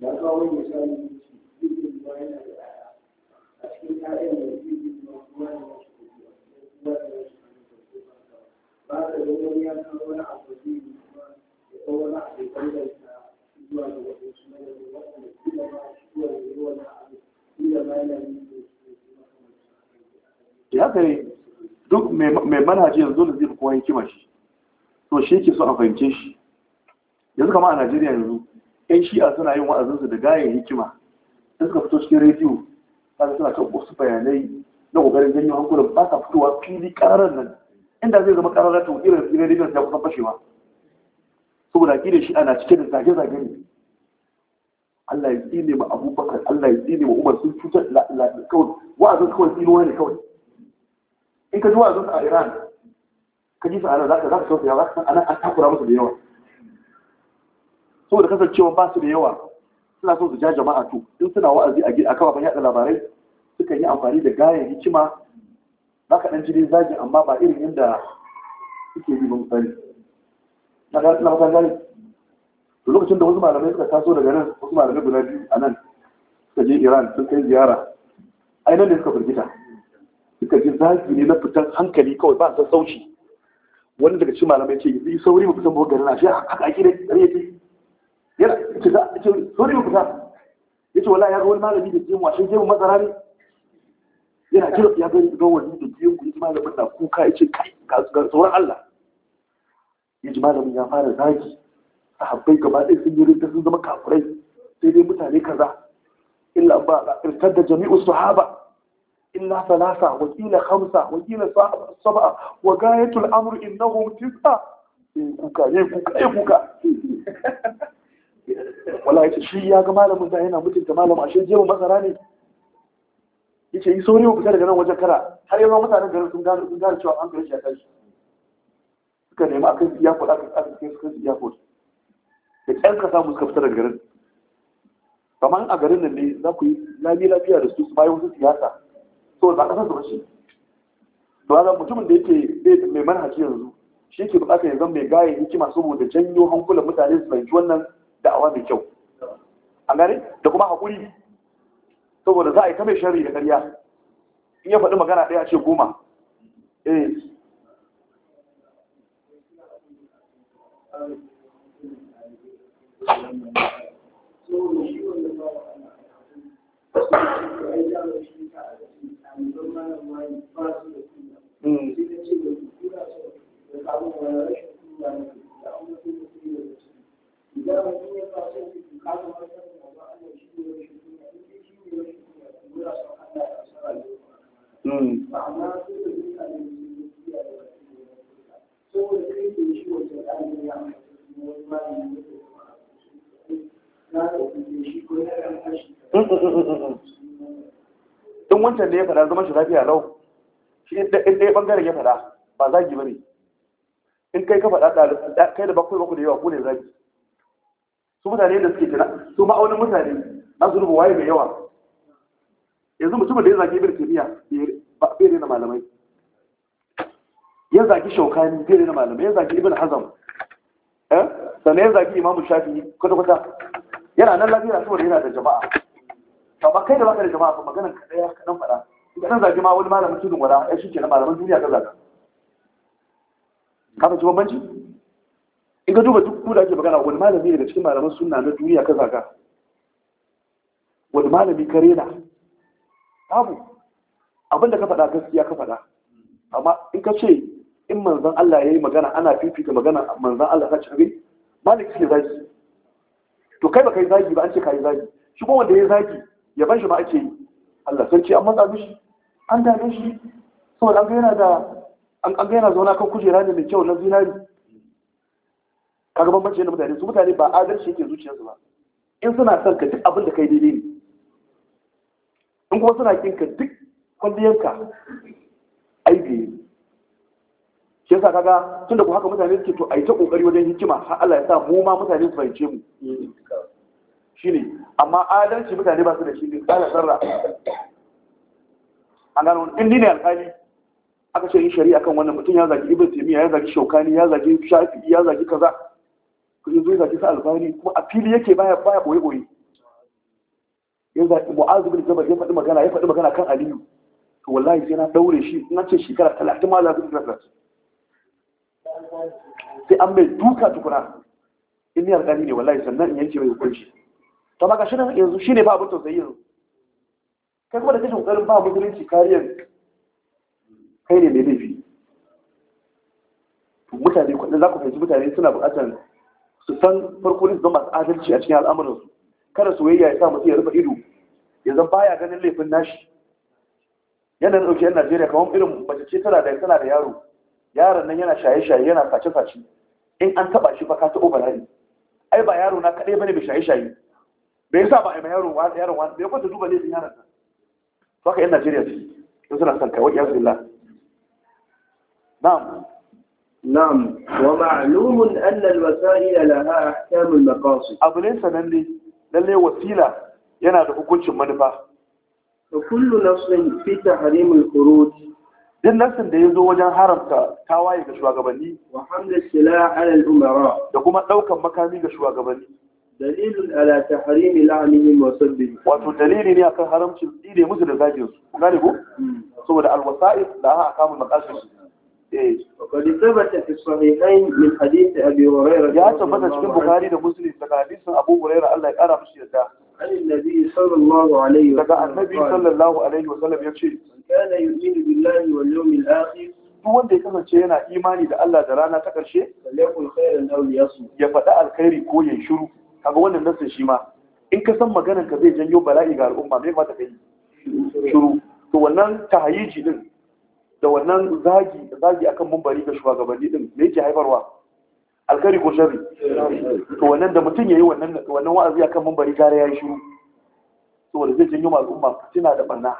ya kawo misali da ya ya san ya ya ya duk mai manhaji yanzu da zai kowa hikima shi to shi yake so a fahimce shi yanzu kama a najeriya yanzu suna yin wa'azinsu da hikima suka fito cikin kaga suna kan wasu bayanai na kokarin janyo hankulan ba sa fitowa fili kararan nan inda zai zama kararan to irin irin rediyon ta kusan fashewa saboda gidan shi ana cike da zage-zage ne Allah ya tsine ma Abubakar Allah ya tsine ma Umar sun cutar lafiya kawai wa'azin kawai tsinuwa ne kawai in ka ji wa'azin a Iran ka ji su a nan zaka zaka tausaya zaka san anan an takura musu da yawa saboda kasancewa ba su da yawa suna so su ja jama'a to in suna wa'azi a kawafan yaɗa labarai suka yi amfani da gayan hikima za ka ɗan jini zagi amma ba irin yadda suke yi ba misali na ga suna mutane gani to lokacin da wasu malamai suka taso daga nan wasu malamai guda biyu a nan suka je iran sun kai ziyara ai nan ne suka firgita suka ji zagi ne na fitan hankali kawai ba san sauci wani daga cikin malamai ce yi sauri mu fitan bugar garin shi haka ake da ƙaryaci ya ce za ce sori ku ta yace wallahi ya ga wani malami da jimu washe jimu mazara ne yana kira ya ga ga wani da jimu ku ji malamin na kuka ya kai ga tsoron Allah yaji malamin ya fara zagi sahabbai gaba ɗaya sun yi rinta sun zama kafurai, sai dai mutane kaza illa ba irtar da jami'u sahaba إلا ثلاثة وقيل خمسة وقيل سبعة وغاية الأمر إنهم تسعة إيه كوكا إيه كوكا إيه kuka. wala ya ce shi ya ga malamin da yana mutunta malamin, ashe jewa masara ne ya ce yi sauri ku fita daga nan wajen kara har yanzu mutanen garin sun gano sun gano cewa an shi ya tashi suka nemi a kai iya kuɗa kan ƙasa sai suka iya kuɗa da ƙyan ka samu suka fita daga garin kamar a garin nan ne za ku yi labi lafiya da su su bayan wasu siyasa so ka ƙasar su bace ba za mutumin da yake mai manhaji yanzu shi ke buƙatar ya zama mai gaya hikima saboda janyo hankulan mutane su fahimci wannan da'awa mai kyau an gane da kuma haƙuri saboda za a yi ta mai shari da ƙarya in ya faɗi magana ɗaya ce goma Thank eh. you. ya faɗa zama shi lafiya lau shi in ɗaya ɓangaren ya faɗa ba zagi ba ne in kai ka faɗa kai da bakwai bakwai da yawa ko ne zagi su mutane da suke kira su ma'aunin mutane na su rubu waye mai yawa yanzu mutumin da ya zagi ibn taymiya bai rena malamai ya zagi shaukani bai rena malamai ya zagi ibn hazam eh? sannan ya zagi imamu shafi kwata-kwata yana nan lafiya saboda yana da jama'a to ba kai da baka da jama'a ba maganar ka daya ka dan fada ka dan zagi ma wani malamin tudun wala ai shi kenan malaman duniya ka zaga ka fahimci bambanci in ka duba duk da ake magana wani malami daga cikin malaman sunna na duniya ka zaga wani malami ka rena babu abinda ka faɗa gaskiya ka faɗa amma in ka ce in manzan Allah ya yi magana ana fifita magana manzan Allah ta ci abin malik ke zagi to kai ba kai zagi ba an ce ka yi zagi shi kuma wanda ya yi zagi ya ban shi ma ake yi Allah sarki an matsa mishi an dame shi saboda an ga yana da an ga yana zauna kan kujera ne mai kyau na zinari kaga bambanci da mutane su mutane ba adalci yake zuciyarsu ba in suna son ka duk abin da kai daidai ne in kuma suna kin ka duk kwalliyanka aibe ne shi yasa kaga tunda ku haka mutane suke to a yi ta kokari wajen hikima har Allah ya sa mu ma mutane su fahimce mu ne amma adalci mutane ba su da shi ne tsara sarra A gano in ne alƙali aka ce yi shari'a kan wannan mutum ya zagi ibn taymiya ya zaki shaukani ya zaki shafi, ya zaki kaza to yanzu ya sa albani kuma a fili yake baya baya boye boye ya ba mu'az bin jabal ya faɗi magana ya faɗi magana kan aliyu to wallahi sai na daure shi na ce shekara 30 ma za su fita sai an mai duka tukuna in ni alƙali ne wallahi sannan in yanke mai hukunci to ga shi yanzu shi ne ba abin tausayi yanzu kai kuma da kashin ƙoƙarin ba musulunci kariyar kai ne mai laifi mutane kwanan za ku fahimci mutane suna buƙatar su san farko ne su zama masu adalci a cikin su. kada soyayya ya sa mutum ya rufe ido ya zan baya ganin laifin nashi yana ɗauke yan najeriya kamar irin mace ce tana da tana da yaro yaron nan yana shaye-shaye yana sace-sace in an taɓa shi fa ka taɓo bala'i ai ba yaro na kaɗai bane mai shaye-shaye me yasa ba a mai yaron wani yaron wani bai kwanta duba laifin yaron nan to haka yan Najeriya ce in suna son kai wajen billah na'am na'am wa ma'lumun anna al-wasa'ila laha ahkam al-maqasid abu ne sananne lalle wasila yana da hukuncin manufa fa kullu nafsin fi tahrim al-khuruj din nasin da ya zo wajen haramta tawaye ga shugabanni wa hamdu silah ala al-umara da kuma daukan makami ga shugabanni Dalilin ala tahrimi la'anihim wa sabbihim wato dalili ne akan haramcin dire musu da zagin su ku gane hmm. ko saboda alwasa'id da aka kama makasin su وقد ثبت في الصحيحين من حديث ابي هريره يا ثبت في البخاري ومسلم حديث ابو هريره الله يقرا مش يدا عن النبي صلى daga annabi sallallahu alaihi wa wasallam yace kana yu'minu billahi wal yawmil akhir duk wanda ya kasance yana imani da Allah da rana ta karshe ya faɗi alkhairi ko ya shiru kaga wannan nasin shi ma in ka san maganan ka zai janyo bala'i ga al'umma me fata kai Shuru! to wannan tahayyiji din da wannan zagi zagi akan mumbari ga shugabanni din me yake haifarwa alkari ko shari to wannan da mutum yayi wannan wannan wa'azi akan mumbari gare yayi shuru. to wanda zai janyo al'umma fitina da banna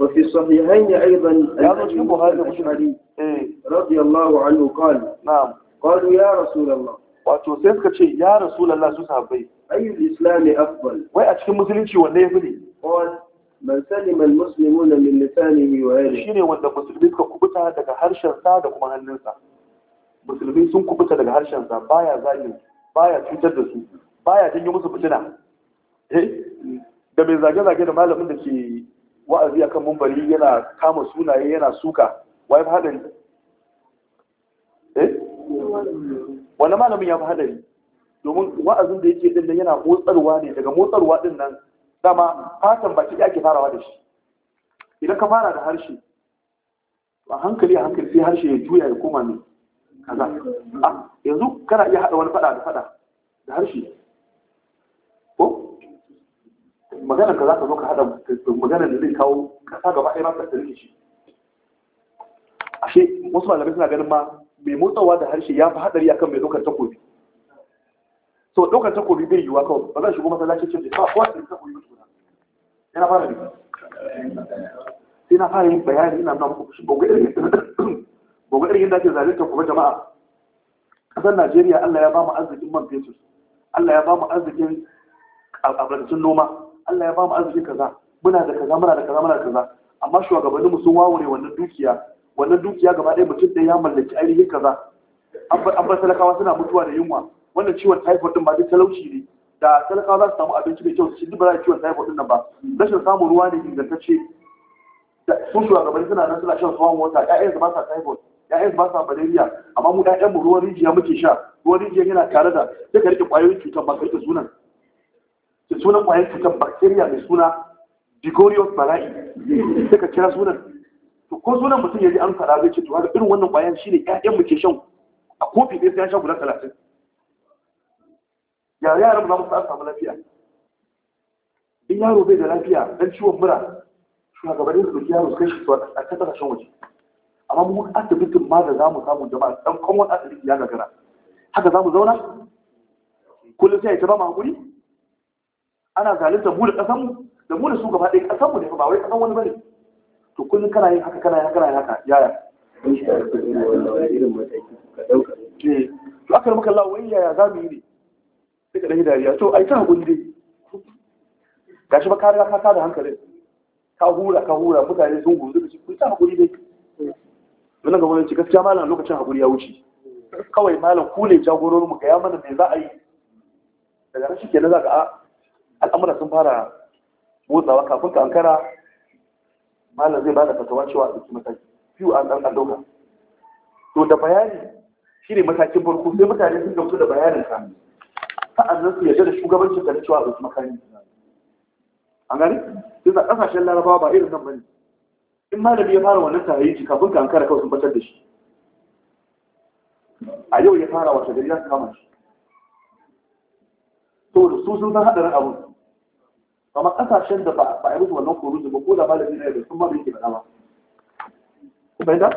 وفي الصحيحين أيضا البخاري رضي الله عنه قال نعم قالوا يا رسول الله wato sai suka ce ya rasu rasulullah su sahabbai ayyul islami afdal wai a cikin musulunci wanne yafi ne man salima almuslimuna min lisanihi wa yadihi shine wanda musulmi suka kubuta daga harshen sa da kuma hannunsa musulmi sun kubuta daga harshen sa baya zagin baya cutar da su baya janyo musu fitina eh da mai zage-zage da malamin da ke wa'azi akan mumbari yana kama sunaye yana suka wai hadari eh wani malamin ya fi hadari domin wa'azin da yake din nan yana motsarwa ne daga motsarwa din nan dama fatan baki da ake farawa da shi idan ka fara da harshe a hankali a hankali sai harshe ya juya ya koma ne kaza a yanzu kana iya haɗa wani fada da fada da harshe ko magana ka za ka zo ka haɗa magana da zai kawo ƙasa gaba ɗaya ma ta shi. ashe wasu malamai suna ganin ma mai motsawa da harshe ya fi haɗari akan mai ɗaukar takobi so ɗaukar takobi bai yiwuwa kawai ba zan shigo masallaci ce ba ah, kowa da takobi mutu na yana fara sai na fara yin bayani ina nan bugu irin yadda ake zalunta kuma jama'a ƙasar najeriya allah ya ba mu arzikin man fetur allah ya ba mu arzikin abincin noma allah ya ba mu arzikin kaza muna da kaza muna da kaza muna da kaza amma shugabanninmu sun wawure wannan dukiya wannan dukiya gaba ɗaya mutum ɗaya ya mallaki ainihin kaza an bar talakawa suna mutuwa da yunwa wannan ciwon typhoid din ba duk talauci ne da talakawa za su samu abinci mai kyau su ci duk ba za ciwon typhoid din nan ba rashin samun ruwa ne ingantacce sun shugabanni suna nan suna shan tsawon wata ƴaƴansu ba sa typhoid ƴaƴansu ba sa malaria amma mu ƴaƴanmu ruwan rijiya muke sha ruwan rijiya yana tare da duka rike ƙwayoyin cutar ba ka rike sunan sunan ƙwayar cutar bacteria mai suna vigorious bala'i sai ka kira sunan ko sunan mutum ya ji an fara zai ce to har irin wannan bayan shi ne ƴaƴan mu ke shan a kofi ɗaya sai an sha guda talatin ya yaran ba mu sa samu lafiya in yaro bai da lafiya dan ciwon mura shugabannin da ɗauki yaro su kai shi to a kan shan waje amma mu asibitin ma da za mu samu jama'a dan kwamon asibiti ya gagara haka za mu zauna kullum sai ya ta ba mu hakuri ana zalunta mu da mu? da mu da su gaba ɗaya mu ne ba wai ƙasan wani bane to kullum kana yin haka kana yin haka kana yin haka yaya eh, to aka maka Allah wai yaya za mu yi ne sai ka dai dariya to ai ta hakuri dai gashi ba ka riga ka kada hankalin ka hura ka hura mutane sun gudu da ku ta hakuri dai wannan ga wani gaskiya malam lokacin hakuri ya wuce kawai malam ku ne jagororin mu ga ya mana me za a yi daga nan na za ka al'amura sun fara motsawa kafin ka ankara malam zai bada fatawa cewa a ɗauki mataki biyu an ɗan ɗauka to da bayani shi ne matakin farko sai mutane sun gamsu da bayanin ka sa'an nan su yarda da shugabancin da cewa a ɗauki makami an gani sai sa ƙasashen larabawa ba irin nan bane in malami ya fara wannan tarayyaki kafin ka ankara kawai sun batar da shi a yau ya fara wata gari ya su kama shi to da su sun san haɗarin abu kuma kasashen da ba a yi musu wannan kuruji ba ko da malami na yadda sun ma yake faɗa ba ku da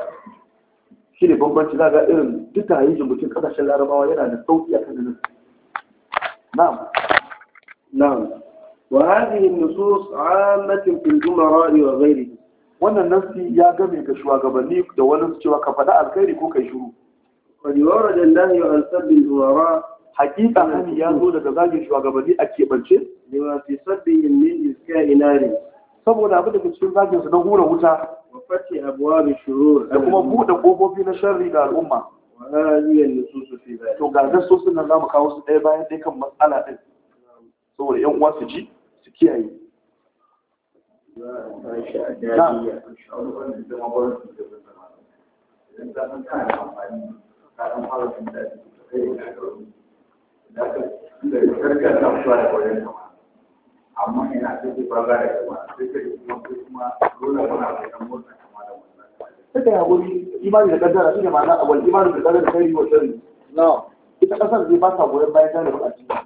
shi ne bambanci za ga irin duka hajjin mutum kasashen larabawa yana da sauki a kan nan na'am na'am wa hadhihi an-nusus 'ammatun fil umara wa ghayrihi wannan nasi ya game ga shugabanni da wani cewa ka faɗa alkhairi ko kai shiru qad warada an-nahy 'an sabbil umara hakika hani ya zo daga zagin shugabanni a keɓance da ma fi sabbin min iska inari saboda abin da ke cikin zagin su na hura wuta wa fati abwabi shurur da kuma buɗe ƙofofi na sharri da al'umma wa hadiyar nususu fi zai to ga nasosin nan zamu kawo su ɗaya bayan ɗaya kan matsala ɗin saboda yan uwa su ji su kiyaye Thank you. da karka na fitowa da wajen kama amma ina za da kama sai ka yi kuma kuma da yi da kaddara shi ne ma'ana awal imani da kaddara sai yi wa sharri ita kasar zai ba sa goyon bayan jalibin addini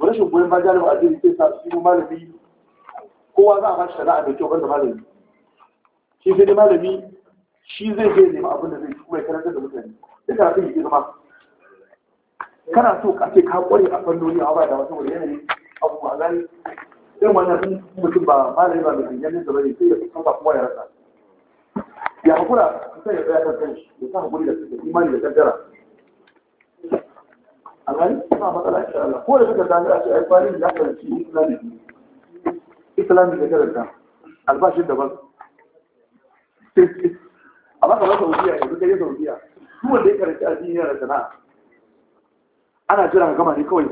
rashin goyon bayan jalibin addini sai sa su malami kowa za a ba shi shari'a mai kyau banda malami shi sai dai malami shi zai je nema abin da zai kuma ya karanta da mutane duk karatun yake zama kana so ka ce ka kware a fannoni a ba da wasu wani yanayi a zai Sai wannan sun mutum ba malami ba da jinjin da bane sai ya kafa kuma ya rasa ya hakura sai ya tsaya kan kanshi ya sa hakuri da da imani da kaddara a gani ba matsala insha Allah ko da suka tafi a ce ai kwari ya karanci islami islami da karanta albashin daban a baka ba saudiya yanzu kai saudiya duk wanda ya karanci addini yana da sana'a ana jira ka gama ne kawai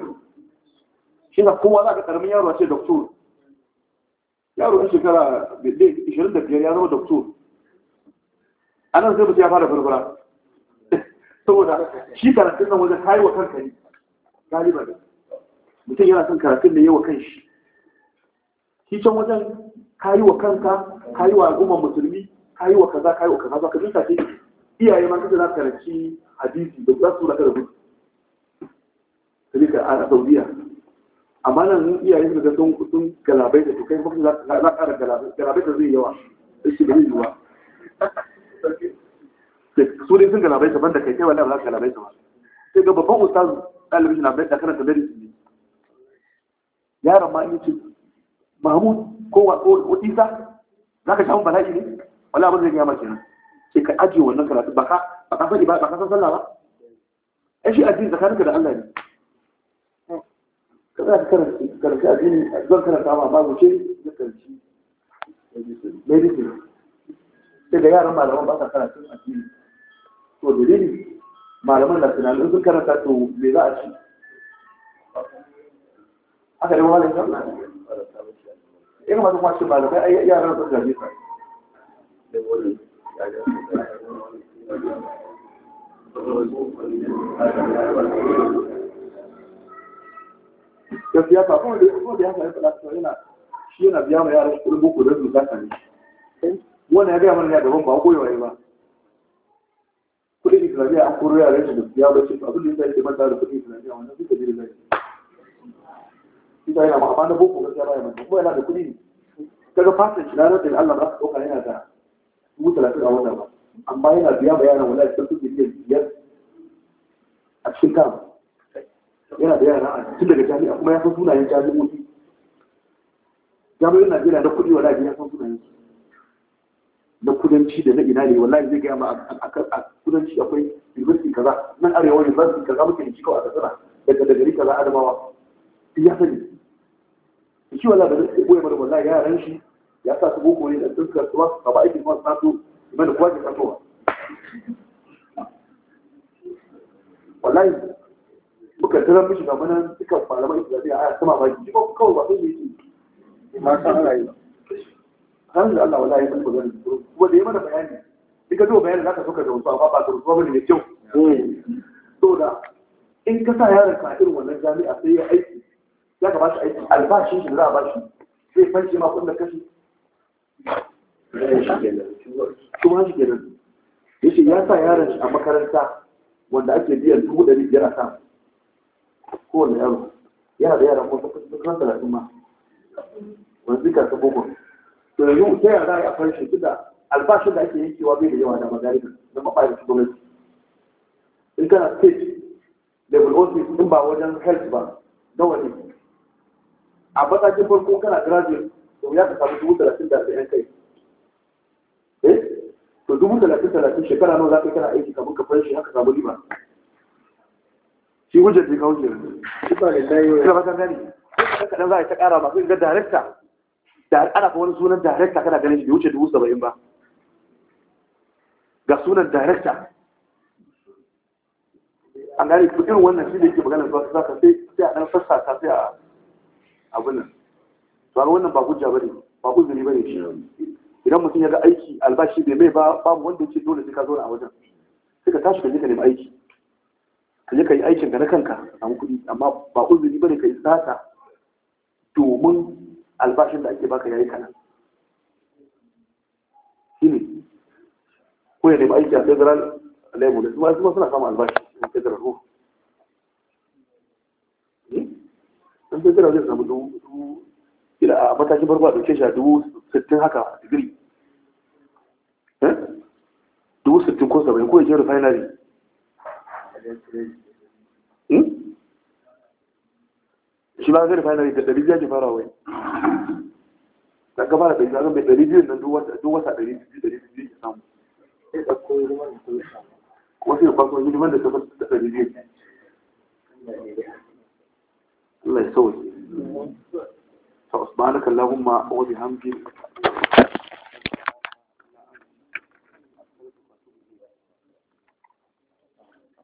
shi na kowa za ka karmi yaro a ce doktor yaro ɗin shekara 25 ya zama doktor ana zai mutu ya fara farfara. saboda shi karatun nan wajen kayi wa kanka ne ne. mutum yana son karatun da yawa kan shi shi can wajen kayi wa kanka kayi wa al'umma musulmi kayi wa kaza kayi wa kaza ba ka zuta ce iyaye ma kace za ka karanci hadisi da za su raka da mutu. kaje ka a saudiya amma nan iyaye su ga sun galabai da to kai kuma za ka ƙara galabai da zai yawa shi da yiwuwa su dai sun galabai ban da kai kai wani ba za ka galabai ba sai ga babban ustazu ɗalibin shi na bai da karanta ne yaron ma yi yace mahmud ko ko isa za ka samu bala'i ne wala abin zai gama kenan sai ka ajiye wannan karatu ba ka ba ka sani ba ba ka san sallah ba ai shi addini tsakaninka da Allah ne ka za a addini zan karanta ma babu sai da yaran malaman ba to na sun karanta to me za a ci haka da wani kan ya kuma ce malamai ai yaran sun gaje ta Thank you. gaskiya siyasa kuma da kuma da ya fara fada cewa yana shi yana biya ma yaran kuɗin boko da zuwa ta ne wannan ya ga mana ya gaban ba koyewa ba kuɗin islamiyya an koro yaran shi gaskiya ba shi abin da yake manta da kuɗin islamiyya wannan duka ne da shi ta yana ma amma na boko gaskiya ba ya manta kuma yana da kuɗi ne kaga fatan shi ranar da Allah ba su ɗauka yana da dubu talatin a wannan ba amma yana biya ma yaran wani a cikin kuɗin biyar a cikin kama yana da yara a cikin daga jami'a kuma ya san sunayen jami'o'i jami'o'in najeriya na kuɗi wallahi ya san sunayen su na kudanci da na ina ne wallahi zai gaya ma a kudanci akwai university kaza nan arewa university kaza muke da cikawa a katsina daga da gari kaza adamawa ya sani shi wallahi da zai koya mana wallahi yaran shi ya sa su boko ne da dukkan su ba ba aikin masu nato mana kuwa ke kasuwa wallahi muka tura mishi ga munan duka malaman islamiyya a sama ba ji ba kawai ba sai yake ma san rayu kan da Allah wallahi mun magana kuma da mana bayani duka do bayani zaka so ka da wasu amma ba da wasu ba ne kyau to da in ka sa yaron ka irin wannan jami'a sai ya aiki ya kamata aiki albashin shi za a bashi zai fanci ma kun da kashi kuma shi kenan yace ya sa yaron shi a makaranta wanda ake biyan dubu ɗari biyar a sama kowane yaro yana da yara kuma kusan talatin ma wani zika ta boko to yanzu ta yara za a yi a farshe duk albashin da ake yankewa bai da yawa da magaribi na maɓayar su gwamnati in kana state level office in ba wajen health ba nawa ne a matakin farko kana graduate to ya ka samu dubu talatin da yan kai eh to dubu talatin talatin shekara nawa za ka yi kana aiki kamar ka farshe haka samu riba shi hujjar da ya kawo kenan ina fatan gani kaɗan za a yi ta ƙara masu ga darekta ana fa wani sunan darekta kana ganin shi bai wuce dubu saba'in ba ga sunan darekta an gane ku irin wannan shi da yake magana ba za ka sai sai a ɗan fassa ka sai a abin nan to ga wannan ba hujja bane ba uzuri bane shi idan mutum ya ga aiki albashi bai mai ba babu wanda yake dole sai ka zo a wajen sai ka tashi ka je ka nemi aiki ka je ka yi aikinka na kanka ka samu kuɗi amma ba uzuri bane ka yi sata domin albashin da ake baka yayi kana shine ko ya nemi aiki a federal level da su suna samun albashi a federal ho eh? dan federal zai samu dubu ila a matakin farko a ɗauke shi a dubu sittin haka digiri eh? dubu sittin ko saba'in ko ya je refinery Hmm? shi ba zai fara da ɗari biya ke fara wai da gaba da ɗari zagon bai ɗari biyu nan duk wata ɗari biyu ɗari biyu ke samu wasu yin farko gini liman da ta fata ɗari biyu Allah ya sauke ta mm-hmm. usmanaka wa bihamdika